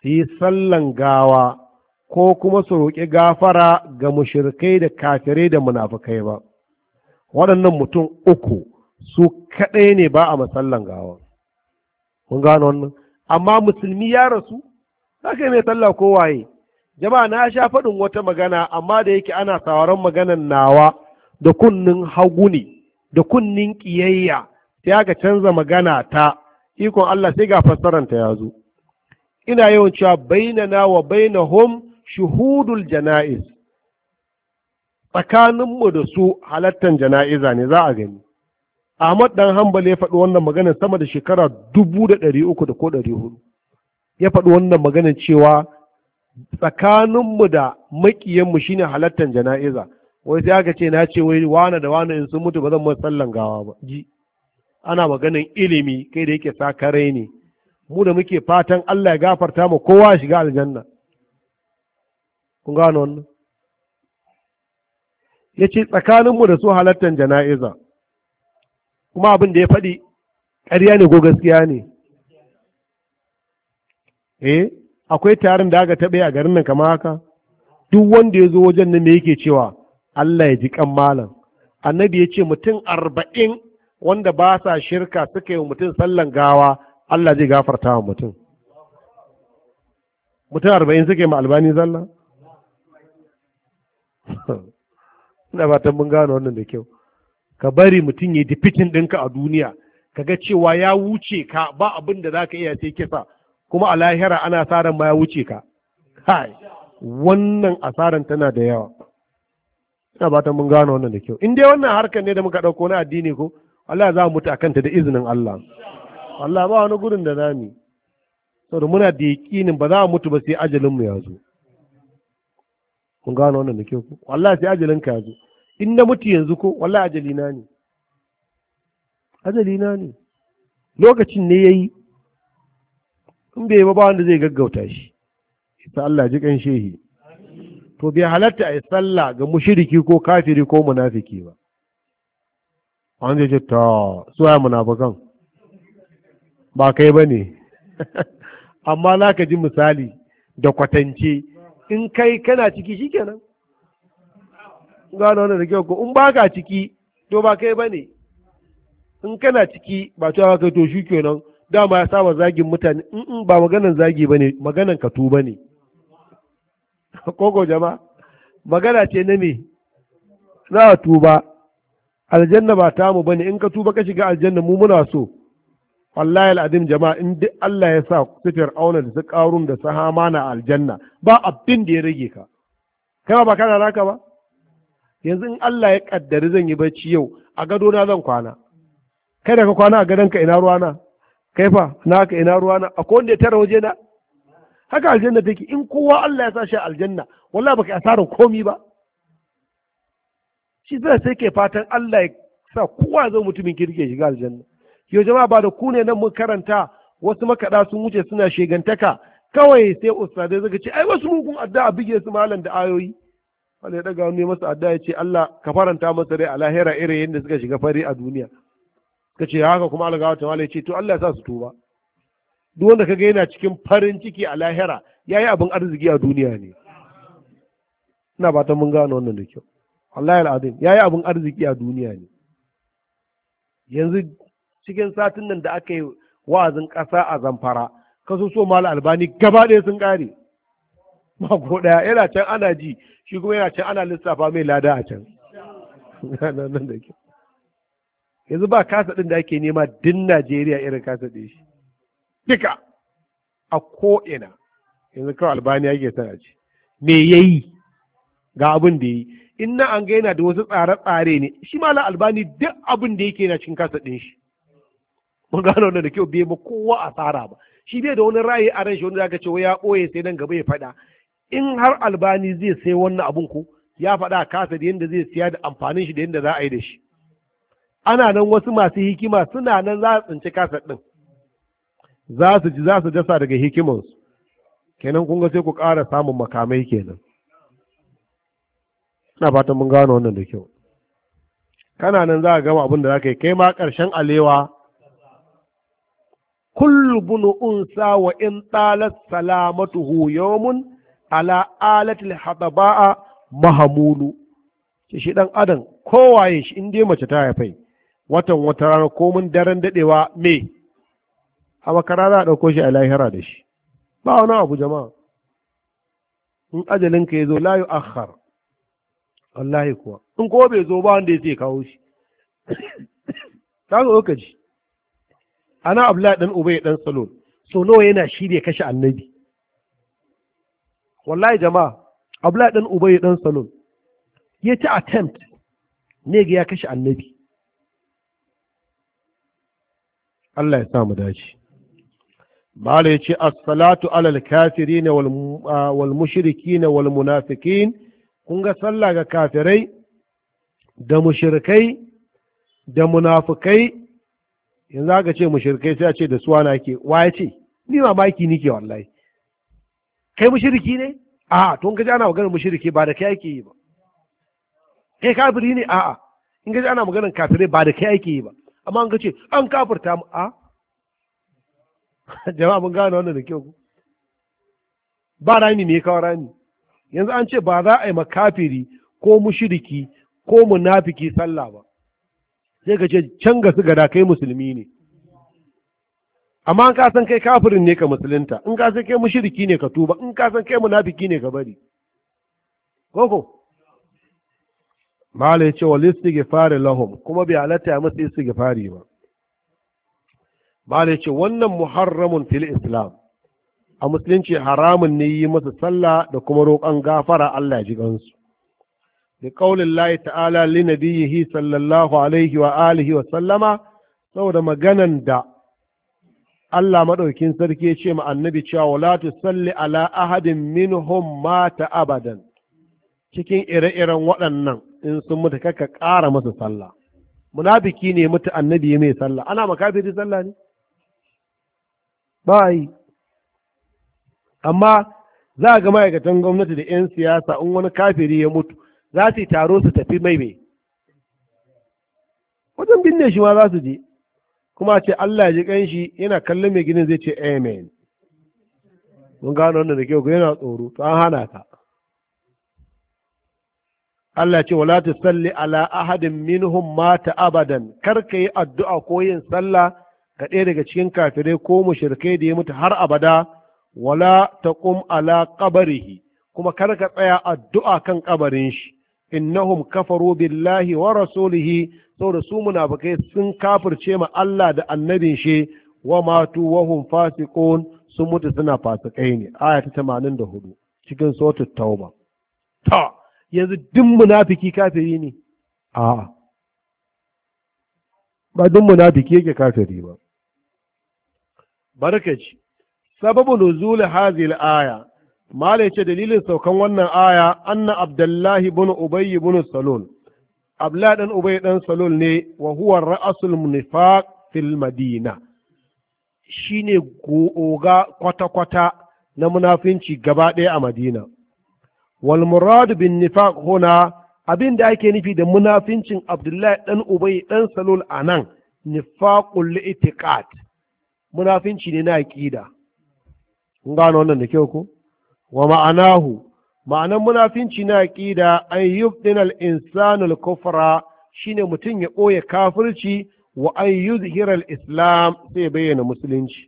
su yi sallan gawa ko kuma su roƙi gafara ga mushrikai da kafirai da munafikai ba waɗannan mutum uku su kaɗai ne ba a masallan gawa mun gano wannan amma musulmi ya rasu za ka mai sallah ko waye jama'a na sha faɗin wata magana amma da yake ana sauran maganan nawa da kunnin hagu ne da kunnin ƙiyayya sai aka canza magana ta ikon Allah sai ga fassaranta ya zo ina yawan cewa bainana wa bainahum shuhudul jana'iz tsakaninmu da su halattan jana'iza ne za a gani Ahmad dan Hanbal ya faɗi wannan maganar sama da shekara dubu da ɗari uku da ko ɗari hudu ya faɗi wannan maganar cewa tsakaninmu da makiyanmu shine halattar jana'iza wai sai aka ce na ce wai wane da wane in sun mutu ba zan mai sallan gawa ba ji ana maganin ilimi kai da yake sakare ne mu da muke fatan Allah ya gafarta mu kowa shiga aljanna kun gano wannan yace tsakaninmu da su halartar jana'iza kuma abin da ya faɗi ƙarya ne ko gaskiya ne eh akwai tarin da aka taɓa a garin nan kama haka duk wanda ya zo wajen nan ne yake cewa Allah ya ji kan malam annabi ya ce mutum arba'in wanda ba sa shirka suka yi mutum sallan gawa Allah zai gafarta wa mutum mutum arba'in suka yi ma albani zalla ina ta mun gano wannan da kyau ka bari mutum ya dipitin ɗinka a duniya ka ga cewa ya wuce ka ba abin da za ka iya sai kisa kuma a lahira ana asaran ma ya wuce ka Hai, wannan asaran tana da yawa ina ba ta mun gano wannan da kyau in dai wannan harkar ne da muka ɗauko na addini ko Allah za mu mutu akan ta da izinin Allah Allah ba wani gurin da zamu saboda muna da yaƙinin ba za mu mutu ba sai ajalin mu ya zo mun gano wannan da kyau ko wallahi sai ajalin ka ya zo in na mutu yanzu ko wallahi ajali na ne ajali na ne lokacin ne yayi in bai ba wanda zai gaggauta shi ita Allah ji kan shehi to bai halatta a yi ga mushiriki ko kafiri ko munafiki ba an zai ce ta suwa munafikan ba kai ba ne amma na ka ji misali da kwatance in kai kana ciki shi kenan gano wannan da kyau ko in ba ka ciki to ba kai ba ne in kana ciki ba ta kai to shi kenan dama ya saba zagin mutane in ba maganan zagi ba ne maganan ka tuba ne kogo jama magana ce na me za a tuba aljanna ba mu ba ne in ka tuba ka shiga aljanna mu muna so wallahi al'adim jama'a in duk Allah ya sa sifir auna da su karun da su hama na aljanna ba abin da ya rage ka kai ba kana naka ba yanzu in Allah ya kaddari zan yi bacci yau a gado na zan kwana kai da ka kwana a gadon ka ina ruwana Kaifa! Na naka ina ruwa na akwai wanda ya tara waje na haka aljanna take in kowa Allah ya sa shi aljanna wallahi baka asarar komi ba shi zai sai ke fatan Allah ya sa kowa zai mutumin kirke shiga aljanna yau jama'a ba da ku ne nan mun karanta wasu makaɗa sun wuce suna shegantaka kawai sai ustadai suka ce ai wasu mugun addu'a bige su malam da ayoyi Allah ya daga wani masa addu'a ya ce Allah ka faranta masa rai a lahira irin yadda suka shiga fari a duniya ka ce haka kuma algawa ta malai ce to Allah ya sa su tuba duk wanda kaga yana cikin farin ciki a lahira yayi abin arziki a duniya ne ina ba ta mun gano wannan da kyau wallahi al'adun yayi abin arziki a duniya ne yanzu cikin satin nan da aka yi wa'azin ƙasa a zamfara kaso so mal albani gaba ɗaya sun ƙare mako ɗaya yana can ana ji shi kuma yana can ana lissafa mai lada a can nan da ke yanzu ba kasa ɗin da ake nema din Najeriya irin kasa ɗin shi duka a ko'ina yanzu kawai albaniya yake sana ce me ya yi ga abin da yi in na an gaina da wasu tsare-tsare ne shi ma albani duk abin da yake na cikin kasa ɗin shi mun gano wannan da kyau bai ma kowa a asara ba shi bai da wani ra'ayi a ran shi wanda zaka cewa ya ɓoye sai nan gaba ya faɗa in har albani zai sai wannan abun ko ya faɗa kasa da yadda zai siya da amfanin shi da yadda za a yi da shi ana nan wasu masu hikima suna nan za su tsinci kasar ɗin za su ji za su dasa daga hikimansu kenan kun ga sai ku ƙara samun makamai kenan ina fatan mun gano wannan da kyau kana nan za a gama abin da za ka yi kai ma ƙarshen alewa kullu unsa wa in talat salamatuhu yawmun ala alatil hadaba'a mahamulu shi dan adam kowaye shi in dai mace ta haifai watan wata rana komin daren dadewa me a makara za a ɗauko shi a lahira da shi ba wani abu jama'a in ajalinka ya zo layu akhar wallahi kuwa in ko bai zo ba wanda ya ce kawo shi ta zo ka ji ana abla dan ubay dan salon so nawa yana shirye kashe annabi wallahi jama'a abla dan ubay dan salon ya ci attempt ne ga ya kashe annabi Allah ya sa mu dace bala ya ce as-salatu alal kafirin wal mushrikin wal munafiqin kun ga sallah ga kafirai da mushrikai da munafikai yanzu aka ce mushrikai sai a ce da suwana ke wa ya ce ni mamaki nike wallahi kai mushriki ne a'a to in ana maganar mushriki ba da kai ake yi ba kai kafiri ne a'a in kaji ana maganar kafirai ba da kai ake yi ba amma an kace an kafirta mu a jama'a mun gane wannan da kyau ku ba rami me kawo rami yanzu an ce ba za a yi makafiri ko mushiriki ko munafiki sallah ba sai ka ce can ga su gada kai musulmi ne amma an ka san kai kafirin ne ka musulunta in ka san kai mushriki ne ka tuba in ka san kai munafiki ne ka bari koko mala ya ce wa listighfari lahum kuma bi halatta ya musu istighfari ba mala ya ce wannan muharramun fil islam a musulunci haramun ne yi masa sallah da kuma roƙon gafara Allah ji gansu da ƙaunin layi ta'ala linabiyihi sallallahu alaihi wa alihi wa sallama saboda maganan da Allah maɗaukin sarki ya ce ma annabi cewa wala salli ala ahadin minhum mata abadan cikin ire-iren waɗannan in sun mutu kakka ƙara masa sallah munafiki ne mutu annabi mai sallah ana makafiri sallah ne ba yi amma za a ga ma'aikatan gwamnati da 'yan siyasa in wani kafiri ya mutu za su taro su tafi mai mai wajen binne shi ma za su je kuma ce Allah ya ji shi yana kallon mai ginin zai ce amen mun gano wannan da kyau yana tsoro to an hana ka Allah ce wala ta salli ala ahadin minhum mata abadan kar ka yi addu'a ko yin sallah ga ɗaya daga cikin kafirai ko mushrikai da ya mutu har abada wala taqum ala qabrihi kuma kar ka tsaya addu'a kan kabarin shi innahum kafaru billahi wa rasulihi saboda su munafikai sun kafirce ma Allah da annabin shi wa matu wa hum fasiqun sun mutu suna fasikai ne aya ta 84 cikin suratul tauba ta yanzu din munafiki kafiri ne a'a ba din munafiki yake kafiri ba barkaci sababu nuzul hazil aya mala yace dalilin saukan wannan aya anna abdullahi bin ubay bin salul abla dan ubay dan salul ne wa huwa ra'asul munifaq fil madina shine goga kwata kwata na munafinci gaba ɗaya a madina wal bin nifaq huna abin da ake nufi da munafincin abdullahi dan ubay dan salul anan nifaqul itiqad munafinci ne na aqida kun gano wannan da kyau ko wa ma'anahu ma'anan munafinci na aqida an yubdina al insanu al kufra shine mutum ya ɓoye kafirci wa an yuzhira al islam sai bayyana musulunci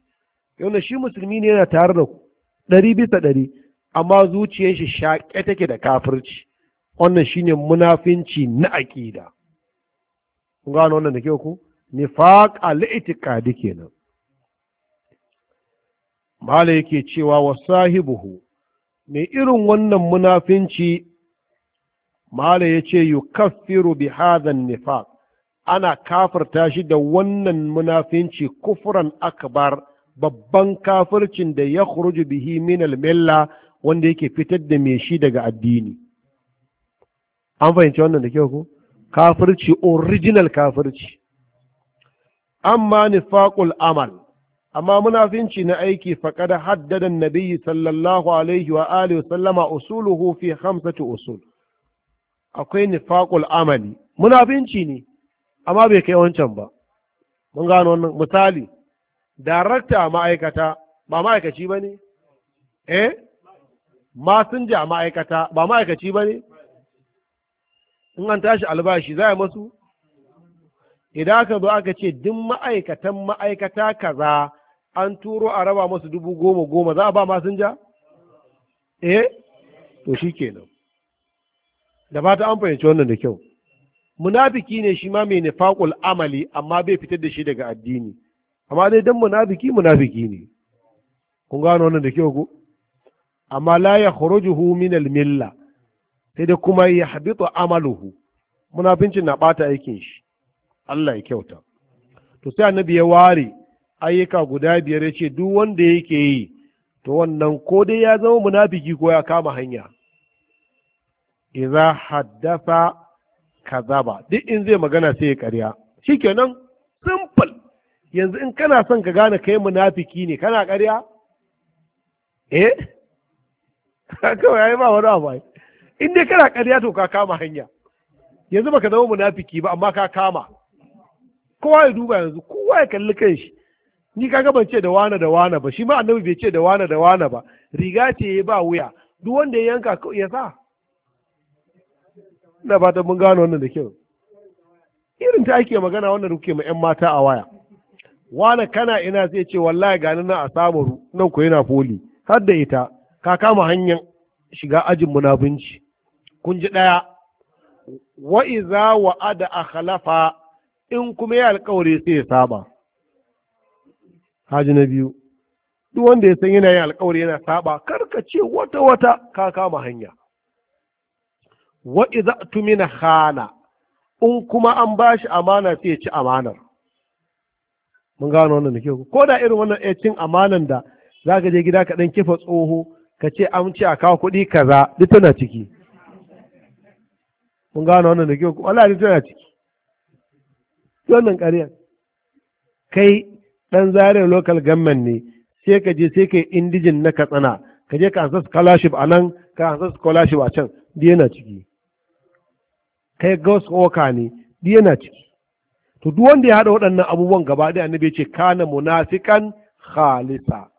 yau shi musulmi ne yana tare da ku ɗari bisa ɗari amma zuciyar shi shaƙe take da kafirci wannan shine munafinci na aƙida kun gano wannan da ke ku nifaq al-i'tiqadi kenan mala yake cewa wa sahibuhu mai irin wannan munafinci mala yace yukaffiru bi hadha nifaq ana kafarta shi da wannan munafinci kufran akbar babban kafircin da ya bihi min al-milla wanda yake fitar da mai shi daga addini an fahimci wannan da kyau ku? kafirci original kafirci amma nifaqul amal amma munafinci na aiki faqad haddada an-nabi sallallahu alaihi wa alihi wa sallama usuluhu fi khamsati usul akwai nifaqul amali munafinci ne amma bai kai wancan ba mun gano wannan misali darakta ma'aikata ba ma'aikaci ba ne eh masinja a ma'aikata ba ma'aikaci ba ne in an tashi albashi za a masu idan aka zo aka ce duk ma'aikatan ma'aikata kaza an turo a raba masu dubu goma goma za a ba masinja eh to shi kenan da ba ta an fahimci wannan da kyau munafiki ne shi ma mai nufaƙul amali amma bai fitar da shi daga addini amma dai don munafiki munafiki ne kun gano wannan da kyau ko amma la ya khurujuhu min al-milla sai da kuma ya habitu amaluhu munafincin na bata aikin shi Allah ya kyauta to sai annabi ya ware ayyuka guda biyar ya ce duk wanda yake yi to wannan ko dai ya zama munafiki ko ya kama hanya idza haddatha kazaba duk in zai magana sai ya karya shikenan simple yanzu in kana son ka gane kai munafiki ne kana karya eh kawai yayi ba wani abu ai in dai kana ƙarya to ka kama hanya yanzu baka zama munafiki ba amma ka kama kowa ya duba yanzu kowa ya kalli kan shi. ni kaga ban ce da wane da wane ba shi ma annabi bai ce da wane da wane ba riga ce ya ba wuya duk wanda ya yanka ya sa ina ta mun gano wannan da kyau irin ta ake magana wannan kuke ma 'yan mata a waya wane kana ina zai ce wallahi gani na a samu nan ko yana foli har da ita ka kama hanyar shiga ajin munafunci kun ji ɗaya wa iza wa'ada a khalafa in kuma ya alkawari sai ya saba haji na biyu duk wanda ya san yana yin alkawari yana saba karka ce wata wata ka kama hanya wa iza tumina khana in kuma an bashi amana sai ya ci amanar mun gano wannan da kyau ko da irin wannan ya cin amanan da zaka je gida ka dan kifa tsoho ka ce an ce a kawo kuɗi kaza duk tana ciki mun gano wannan da kyau kuma Allah duk tana ciki wannan ƙarya kai ɗan zarin local government ne sai ka je sai ka indijin na katsina ka je ka ansa scholarship a nan ka ansa scholarship a can duk yana ciki kai gauss oka ne duk yana ciki to duk wanda ya haɗa waɗannan abubuwan gaba ɗaya annabi ya ce kana munafikan khalisa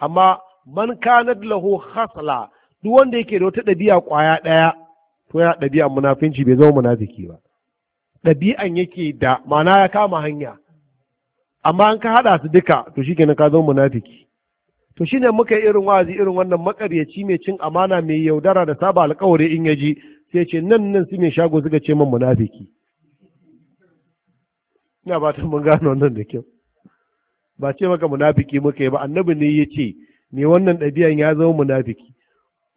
amma man kanad lahu khasla duk wanda yake da wata ɗabi'a ƙwaya ɗaya to yana ɗabi'an munafinci bai zama munafiki ba ɗabi'an yake da ma'ana ya kama hanya amma an ka haɗa su duka to shikenan ka zama munafiki to shine muka irin wazi irin wannan makaryaci mai cin amana mai yaudara da saba alƙawari in yaji sai ce nan nan su mai shago suka ce man munafiki ina ba ta mun gano nan da kyau ba ce maka munafiki muka yi ba annabi ne ya ce me wannan ɗabi'an ya zama munafiki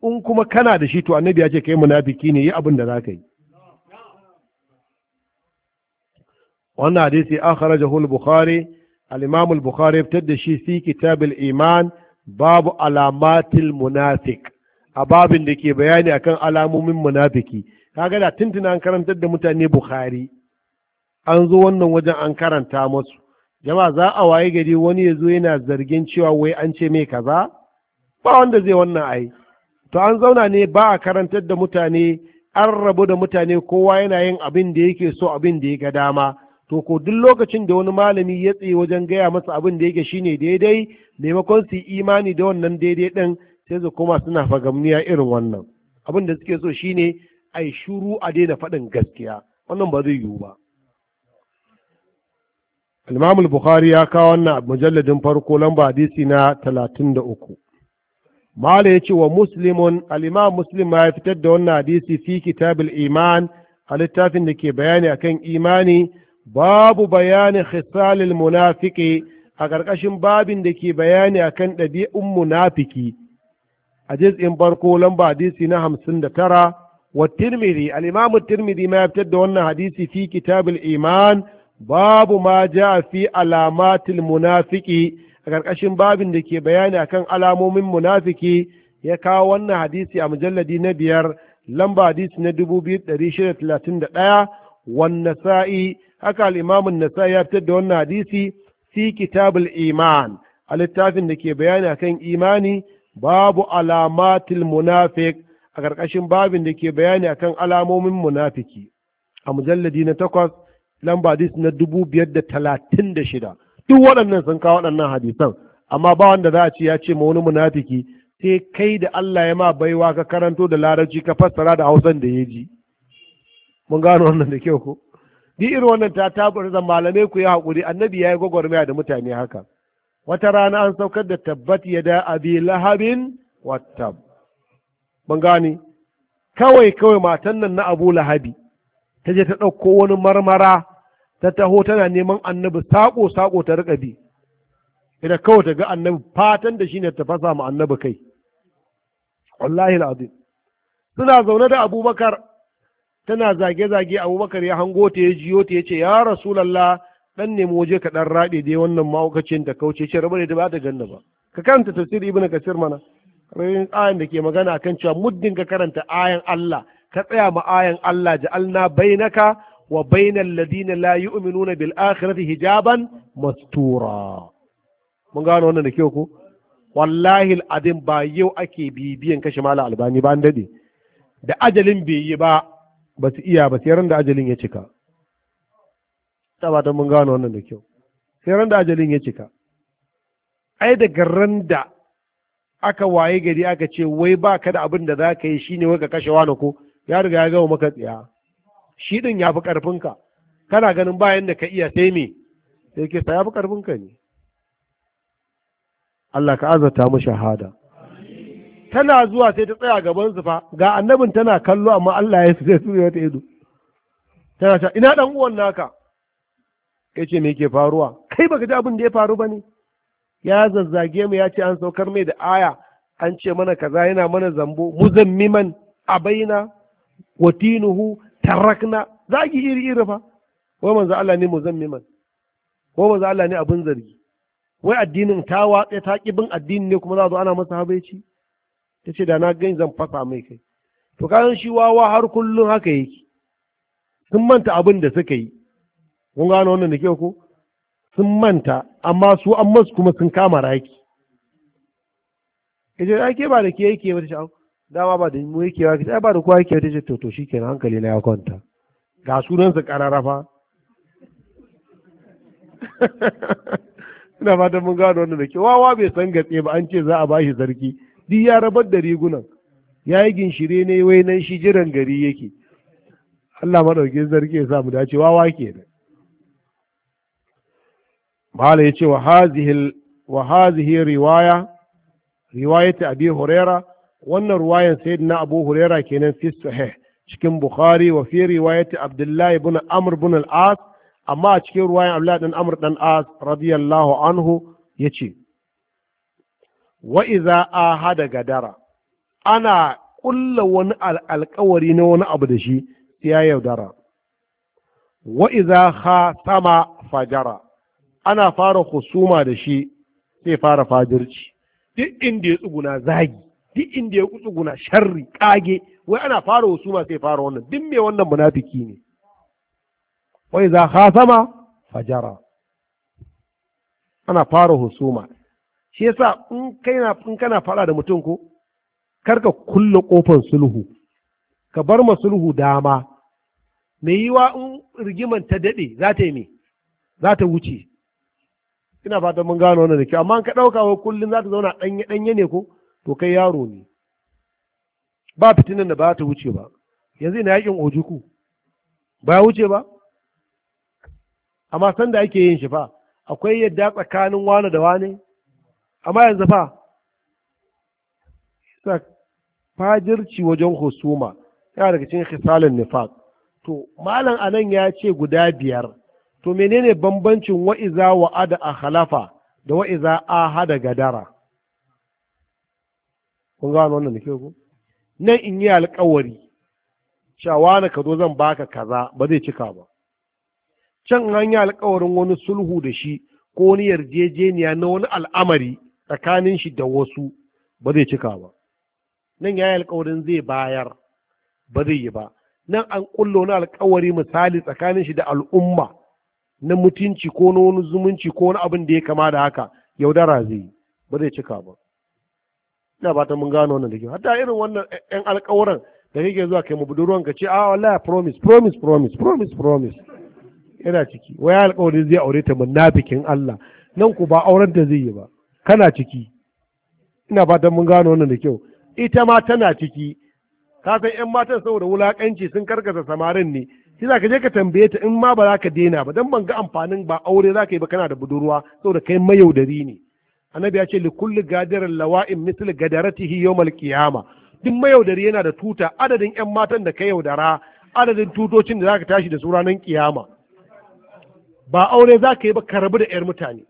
in kuma kana da shi to annabi ya ce kai munafiki ne yi abin da zaka yi wannan hadisi akhrajahu hul bukhari al-imam al-bukhari fitar da shi fi kitab iman babu alamatil munafik a babin da ke bayani akan alamomin munafiki kaga da tuntuna an karanta da mutane bukhari an zo wannan wajen an karanta masu jama za a waye gari wani ya zo yana zargin cewa wai an ce mai kaza ba wanda zai wannan ai to an zauna ne ba a karantar da mutane an rabu da mutane kowa yana yin abin da yake so abin da ya ga dama to ko duk lokacin da wani malami ya tsaye wajen gaya masa abin da yake shine daidai maimakon su imani da wannan daidai din sai su koma suna fagamniya irin wannan abin da suke so shine ai shuru a daina faɗin gaskiya wannan ba zai yiwu ba Imam Bukhari ya kawo wannan mujalladin farko lamba hadisi na 33 Mala yace wa Muslimun al-Imam Muslim ya fitar da wannan hadisi fi Kitabul Iman a littafin da ke bayani akan imani babu bayani khisalil munafiki a ƙarƙashin babin da ke bayani akan ɗabi'un munafiki a jiz'in barko lamba hadisi na hamsin da tara wa tirmidhi al-imamu tirmidhi ma ya fitar da wannan hadisi fi kitabul iman babu ma ja fi alamatil munafiki a ƙarƙashin babin da ke bayani akan alamomin munafiki ya kawo wannan hadisi a mujalladi na biyar lamba hadisi na 2631 wanne sa'i haka al'imamun sa'i ya fitar da wannan hadisi fi kitabul iman a littafin da ke bayani akan imani babu alamatil munafik a ƙarƙashin babin da ke bayani akan alamomin munafiki a mujalladi na takwas lamba hadis na dubu biyar da talatin da shida duk waɗannan sun kawo waɗannan hadisan amma ba wanda za a ce ya ce ma wani munafiki sai kai da Allah ya ma baiwa ka karanto da larabci ka fassara da hausan da ya ji mun gano wannan da kyau ko duk irin wannan ta tabbata malamai ku ya haƙuri annabi ya yi gwagwarmaya da mutane haka wata rana an saukar da tabbat ya da abi lahabin wattab mun gane kawai kawai matan nan na abu lahabi ta je ta ɗauko wani marmara ta taho tana neman annabi saƙo saƙo ta riƙa bi ita kawai ta ga annabi fatan da shi ne ta fasa ma annabi kai wallahi al'adun suna zaune da abubakar tana zage-zage abubakar ya hango ta ya jiyo ta ya ce ya rasulallah Ɗan nemi waje ka ɗan raɗe dai wannan ma'aukacin da kauce ce rabu da ba ta ganna ba ka karanta tafsir ibn kasir mana ayan da ke magana kan cewa muddin ka karanta ayan Allah ta tsaya ma ayan Allah ja'alna bainaka wa bainal ladina la yu'minuna bil akhirati hijaban mastura mun gano wannan da kyau ko wallahi al'adin ba yau ake bibiyan kashe mala albani ba an dade da ajalin bai yi ba ba su iya ba sai ran da ajalin ya cika tabbatar mun gano wannan da kyau sai ran da ajalin ya cika ai daga ran da aka waye gari aka ce wai ba ka da abin da za ka yi shine wai ka kashe wani ko ya riga ya gama maka tsiya shi din ya fi ƙarfinka kana ganin bayan da ka iya sai me sai ke ya fi ƙarfinka ne Allah ka azata mu shahada tana zuwa sai ta tsaya gaban su fa ga annabin tana kallo amma Allah ya sai su ta ido tana ta ina dan uwan naka yace me yake faruwa kai baka ji abin da ya faru bane ya zazzage mu ya ce an saukar mai da aya an ce mana kaza yana mana zambo muzammiman abaina wa dinuhu tarakna zagi iri iri fa wai manzo Allah ne muzammiman wai manzo Allah ne abun zargi wai addinin ta watsa ta kibin addini ne kuma za zo ana masa habaici tace da na gani zan fasa mai kai to kayan shi wawa har kullun haka yake sun manta abin da suka yi kun gano wannan da ke ko sun manta amma su an masu kuma sun kama raki ita da ake ba da ke yake wata sha'awa dama ba da mu yake wake ai ba da kowa yake wata ce to ke shikenan hankali na ya kwanta ga sunansa karara fa ina fatan mun gano wannan da ke wawa bai san gatse ba an ce za a bashi sarki duk ya rabar da rigunan ya yi ginshire ne wai nan shi jiran gari yake Allah maɗauki sarki ya sa mu dace wawa ke da Mala ya ce wa hazihi riwaya riwayati Abi Huraira wannan ruwayan na abu hurera kenan fi sahih cikin bukhari wa fi riwayati abdullahi ibn amr ibn al-as amma a cikin ruwayan abdullahi ibn amr dan as radiyallahu anhu yace wa idza ahada gadara ana kulla wani alkawari na wani abu da shi ya yaudara wa idza khasama fajara ana fara husuma da shi sai fara fajirci duk inda ya tsuguna zagi duk inda ya guna sharri kage wai ana fara wasu ma sai fara wannan duk me wannan munafiki ne wai za khasama fajara ana fara husuma shi yasa in kai na in kana fara da mutum ko karka kulle kofan sulhu ka bar ma sulhu dama me yiwa in rigiman ta dade za ta yi me za ta wuce ina fata mun gano wannan da ke. amma in ka dauka wa kullun za ta zauna danye danye ne ko to kai yaro ne ba fitinan da ba ta wuce ba yanzu ina yakin ojuku ba ya wuce ba amma sanda ake yin shi fa akwai yadda tsakanin wani da wani. amma yanzu fa fajirci wajen husuma yana daga cikin khisalin nifaq to malam anan ya ce guda biyar to menene bambancin wa'iza wa'ada a halafa da wa'iza a hada gadara kun gano wannan da ke ku? nan in yi alkawari cewa na ka zo zan baka kaza ba zai cika ba can an yi alkawarin wani sulhu da shi ko wani yarjejeniya na wani al'amari tsakanin shi da wasu ba zai cika ba nan ya yi alkawarin zai bayar ba zai yi ba nan an ƙulla wani alkawari misali tsakanin shi da al'umma na mutunci ko na wani zumunci ko wani abin da ya kama da haka yaudara zai yi ba zai cika ba ina ba ta mun gano wannan da kyau hatta irin wannan yan alƙawuran da kake zuwa kai mu budurwan ka ce a ah, wallahi promise promise promise promise promise yana ciki waya alƙawarin zai aure ta munafikin Allah nan ku ba auren ta zai yi ba kana ciki ina fatan mun gano wannan da kyau ita ma tana ciki ka san yan matan saboda wulakanci sun karkasa samarin ne shi za ka je ka tambaye ta in ma ba za ka daina ba dan ban ga amfanin ba aure za ka yi ba kana da budurwa saboda kai mayaudari ne annabi ya ce li kulli gadirin lawa'in misli gadaratihi yawmal qiyama duk mayaudari yana da tuta adadin yan matan da ka yaudara adadin tutocin da zaka tashi da su ranar kiyama ba aure za ka yi ba karbu da yar mutane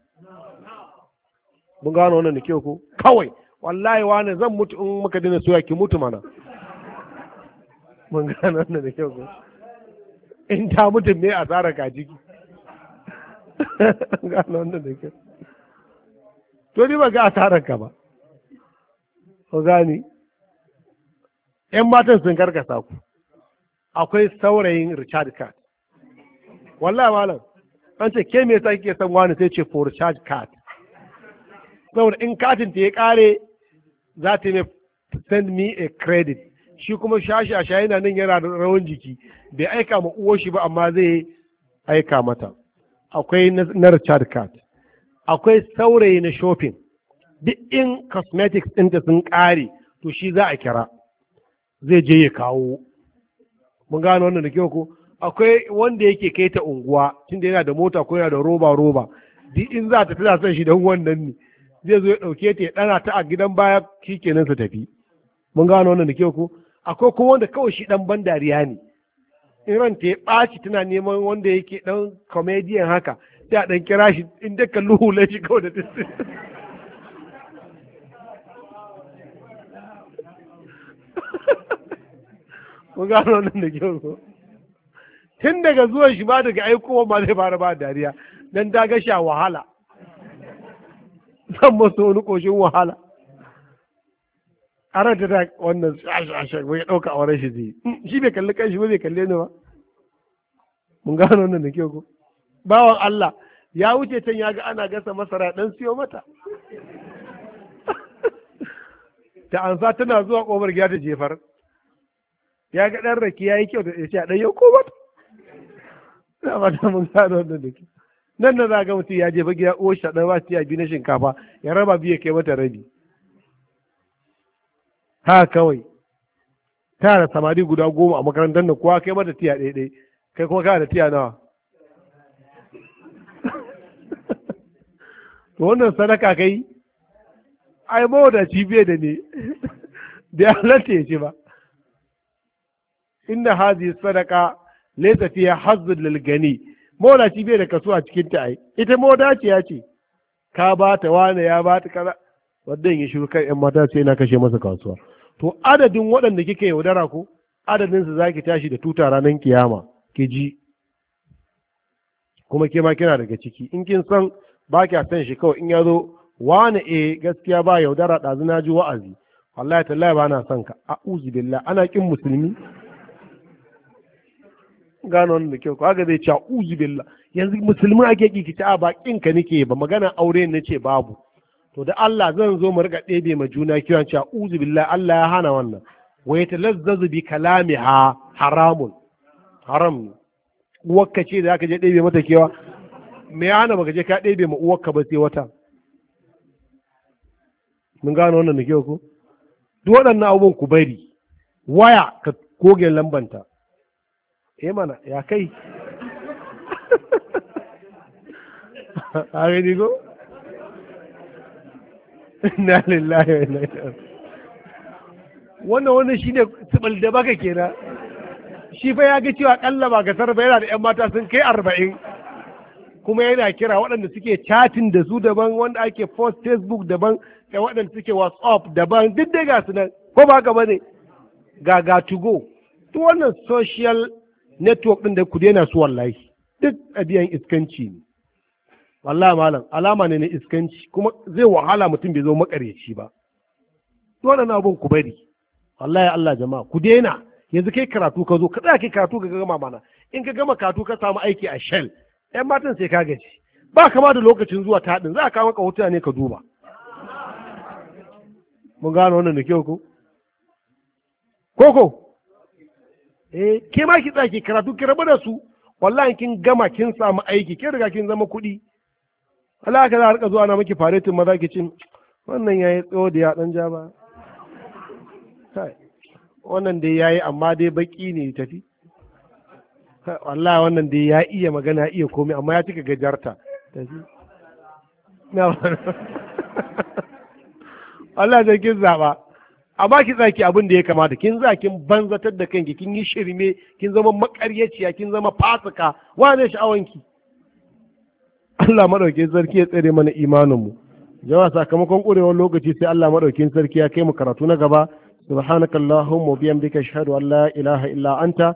mun gano wannan da kyau ko kawai wallahi wani zan mutu in muka dina soya ki mutu mana mun gano wannan da kyau ko in ta mutu me tsara ka Mun gano wannan da kyau to ni ba ga asarar ka ba gani yan matan sun karkasa ku akwai saurayin Richard Card Walla malam an ce ke me yasa san wani sai ce for Richard Card saboda in katin ta ya kare za ta ne send me a credit shi kuma shashi a shayi na nan yana da rawan jiki bai aika ma uwar shi ba amma zai aika mata akwai na Richard Card akwai saurayi na shopping duk in cosmetics da sun ƙari to shi za a kira zai je ya kawo mun gano wannan da kyau ko akwai wanda yake kai ta unguwa tunda yana da mota ko yana da roba roba duk in za ta tafi son shi don wannan ne zai zo ya ɗauke ta ya dana ta a gidan baya shi su tafi mun gano wannan da kyau ko akwai kuma wanda kawai shi dan ban dariya ne in ranta ya ɓaci tana neman wanda yake ɗan comedian haka sai ɗan kira shi in dai kalli shi kawai da tisi mun gano nan da kyau tun daga zuwan shi ba daga aikowa ma zai fara ba dariya dan ta ga sha wahala zan masu wani ƙoshin wahala a ranta ta wannan shashashar bai ɗauka a wurin shi zai hmm, shi bai kalli kan shi ba zai kalli ni ba mun gano nan da kyau ko bawan Allah ya wuce can ya ga ana gasa masara dan siyo mata ta ansa tana zuwa ƙofar gida da jefar ya ga ɗan rake ya yi kyau da ya ce a ɗan yau ko Na ba ta mun gano wannan da ke nan na za ga mutum ya jefa gida a ɗan ba ya biyu na shinkafa ya raba biyu ya kai mata rabi ha kawai tara samari guda goma a makarantar da kowa kai mata tiya ɗaiɗai. kai kuma kana da tiya nawa to wannan sadaka kai ai ci bai da ne da ya halatta ya ce ba Inda hazi sadaka laysa fiha hazzun lil ci bai da kaso a cikin ta ai ita ce ya ce ka ba ta wane ya ba ta kaza wadda ya shiru kan yan mata sai na kashe masa kasuwa to adadin waɗanda kika yaudara ko adadin su zaki tashi da tuta ranar kiyama ki ji kuma ke kina daga ciki in kin san ba kya san shi kawai in ya zo wani e eh, gaskiya ba yaudara ɗazu na ji wa'azi wallahi tallahi ba na son ka uzu billah ana kin musulmi gano wannan da kyau ko haka zai ce uzu billah yanzu musulmi ake kikice a ba kin ka nake ba magana aure na ce babu to da Allah zan zo mu riga ɗebe ma juna kiwon ce uzu billah Allah ya hana wannan wa yatalazzazu bi ha haramun haram wakka ce da aka je ɗebe mata kewa me ya hana baka je ka ɗebe ma uwarka ba sai wata mun gano wannan da kyau ko duk waɗannan abubuwan ku bari waya ka goge lambanta eh mana ya kai a ni ko na lillahi wa inna ilaihi wannan shi ne tsibal da baka kenan shi fa ya ga cewa kalla ba gasar ba yana da yan mata sun kai arba'in kuma yana kira waɗanda suke chatting da su daban wanda ake post facebook daban da waɗanda suke whatsapp daban duk dai gasu su nan ko ba haka bane ga ga to go to wannan social network ɗin da ku daina su wallahi duk abiyan iskanci ne wallahi malam alama ne na iskanci kuma zai wahala mutum bai zo makareci ba wannan abun ku bari wallahi Allah jama'a ku daina yanzu kai karatu ka zo ka tsaya kai karatu ka gama mana in ka gama karatu ka samu aiki a shell ‘yan matan sai ka gaji ba kama da lokacin zuwa taɗin za a kawo maka hotuna ne ka duba mun gano wannan da kyau ko koko eh ke ma ki tsaki karatu ki rabu da su wallahi kin gama kin samu aiki kin riga kin zama kuɗi Allah ka za a rika zuwa na miki faretin maza ki cin wannan yayi tsawo da ya dan ja ba wannan dai yayi amma dai baki ne tafi wallahi wannan dai ya iya magana iya komai amma ya cika gajarta Allah zai kin zaɓa amma ki tsaki abin da ya kamata kin za kin banzatar da kanki kin yi shirme kin zama makaryaciya kin zama fasika wane sha'awanki Allah madaukakin sarki ya tsare mana imanin mu jawa sakamakon ƙurewar lokaci sai Allah madaukakin sarki ya kai mu karatu na gaba subhanakallahumma bihamdika ashhadu an la ilaha illa anta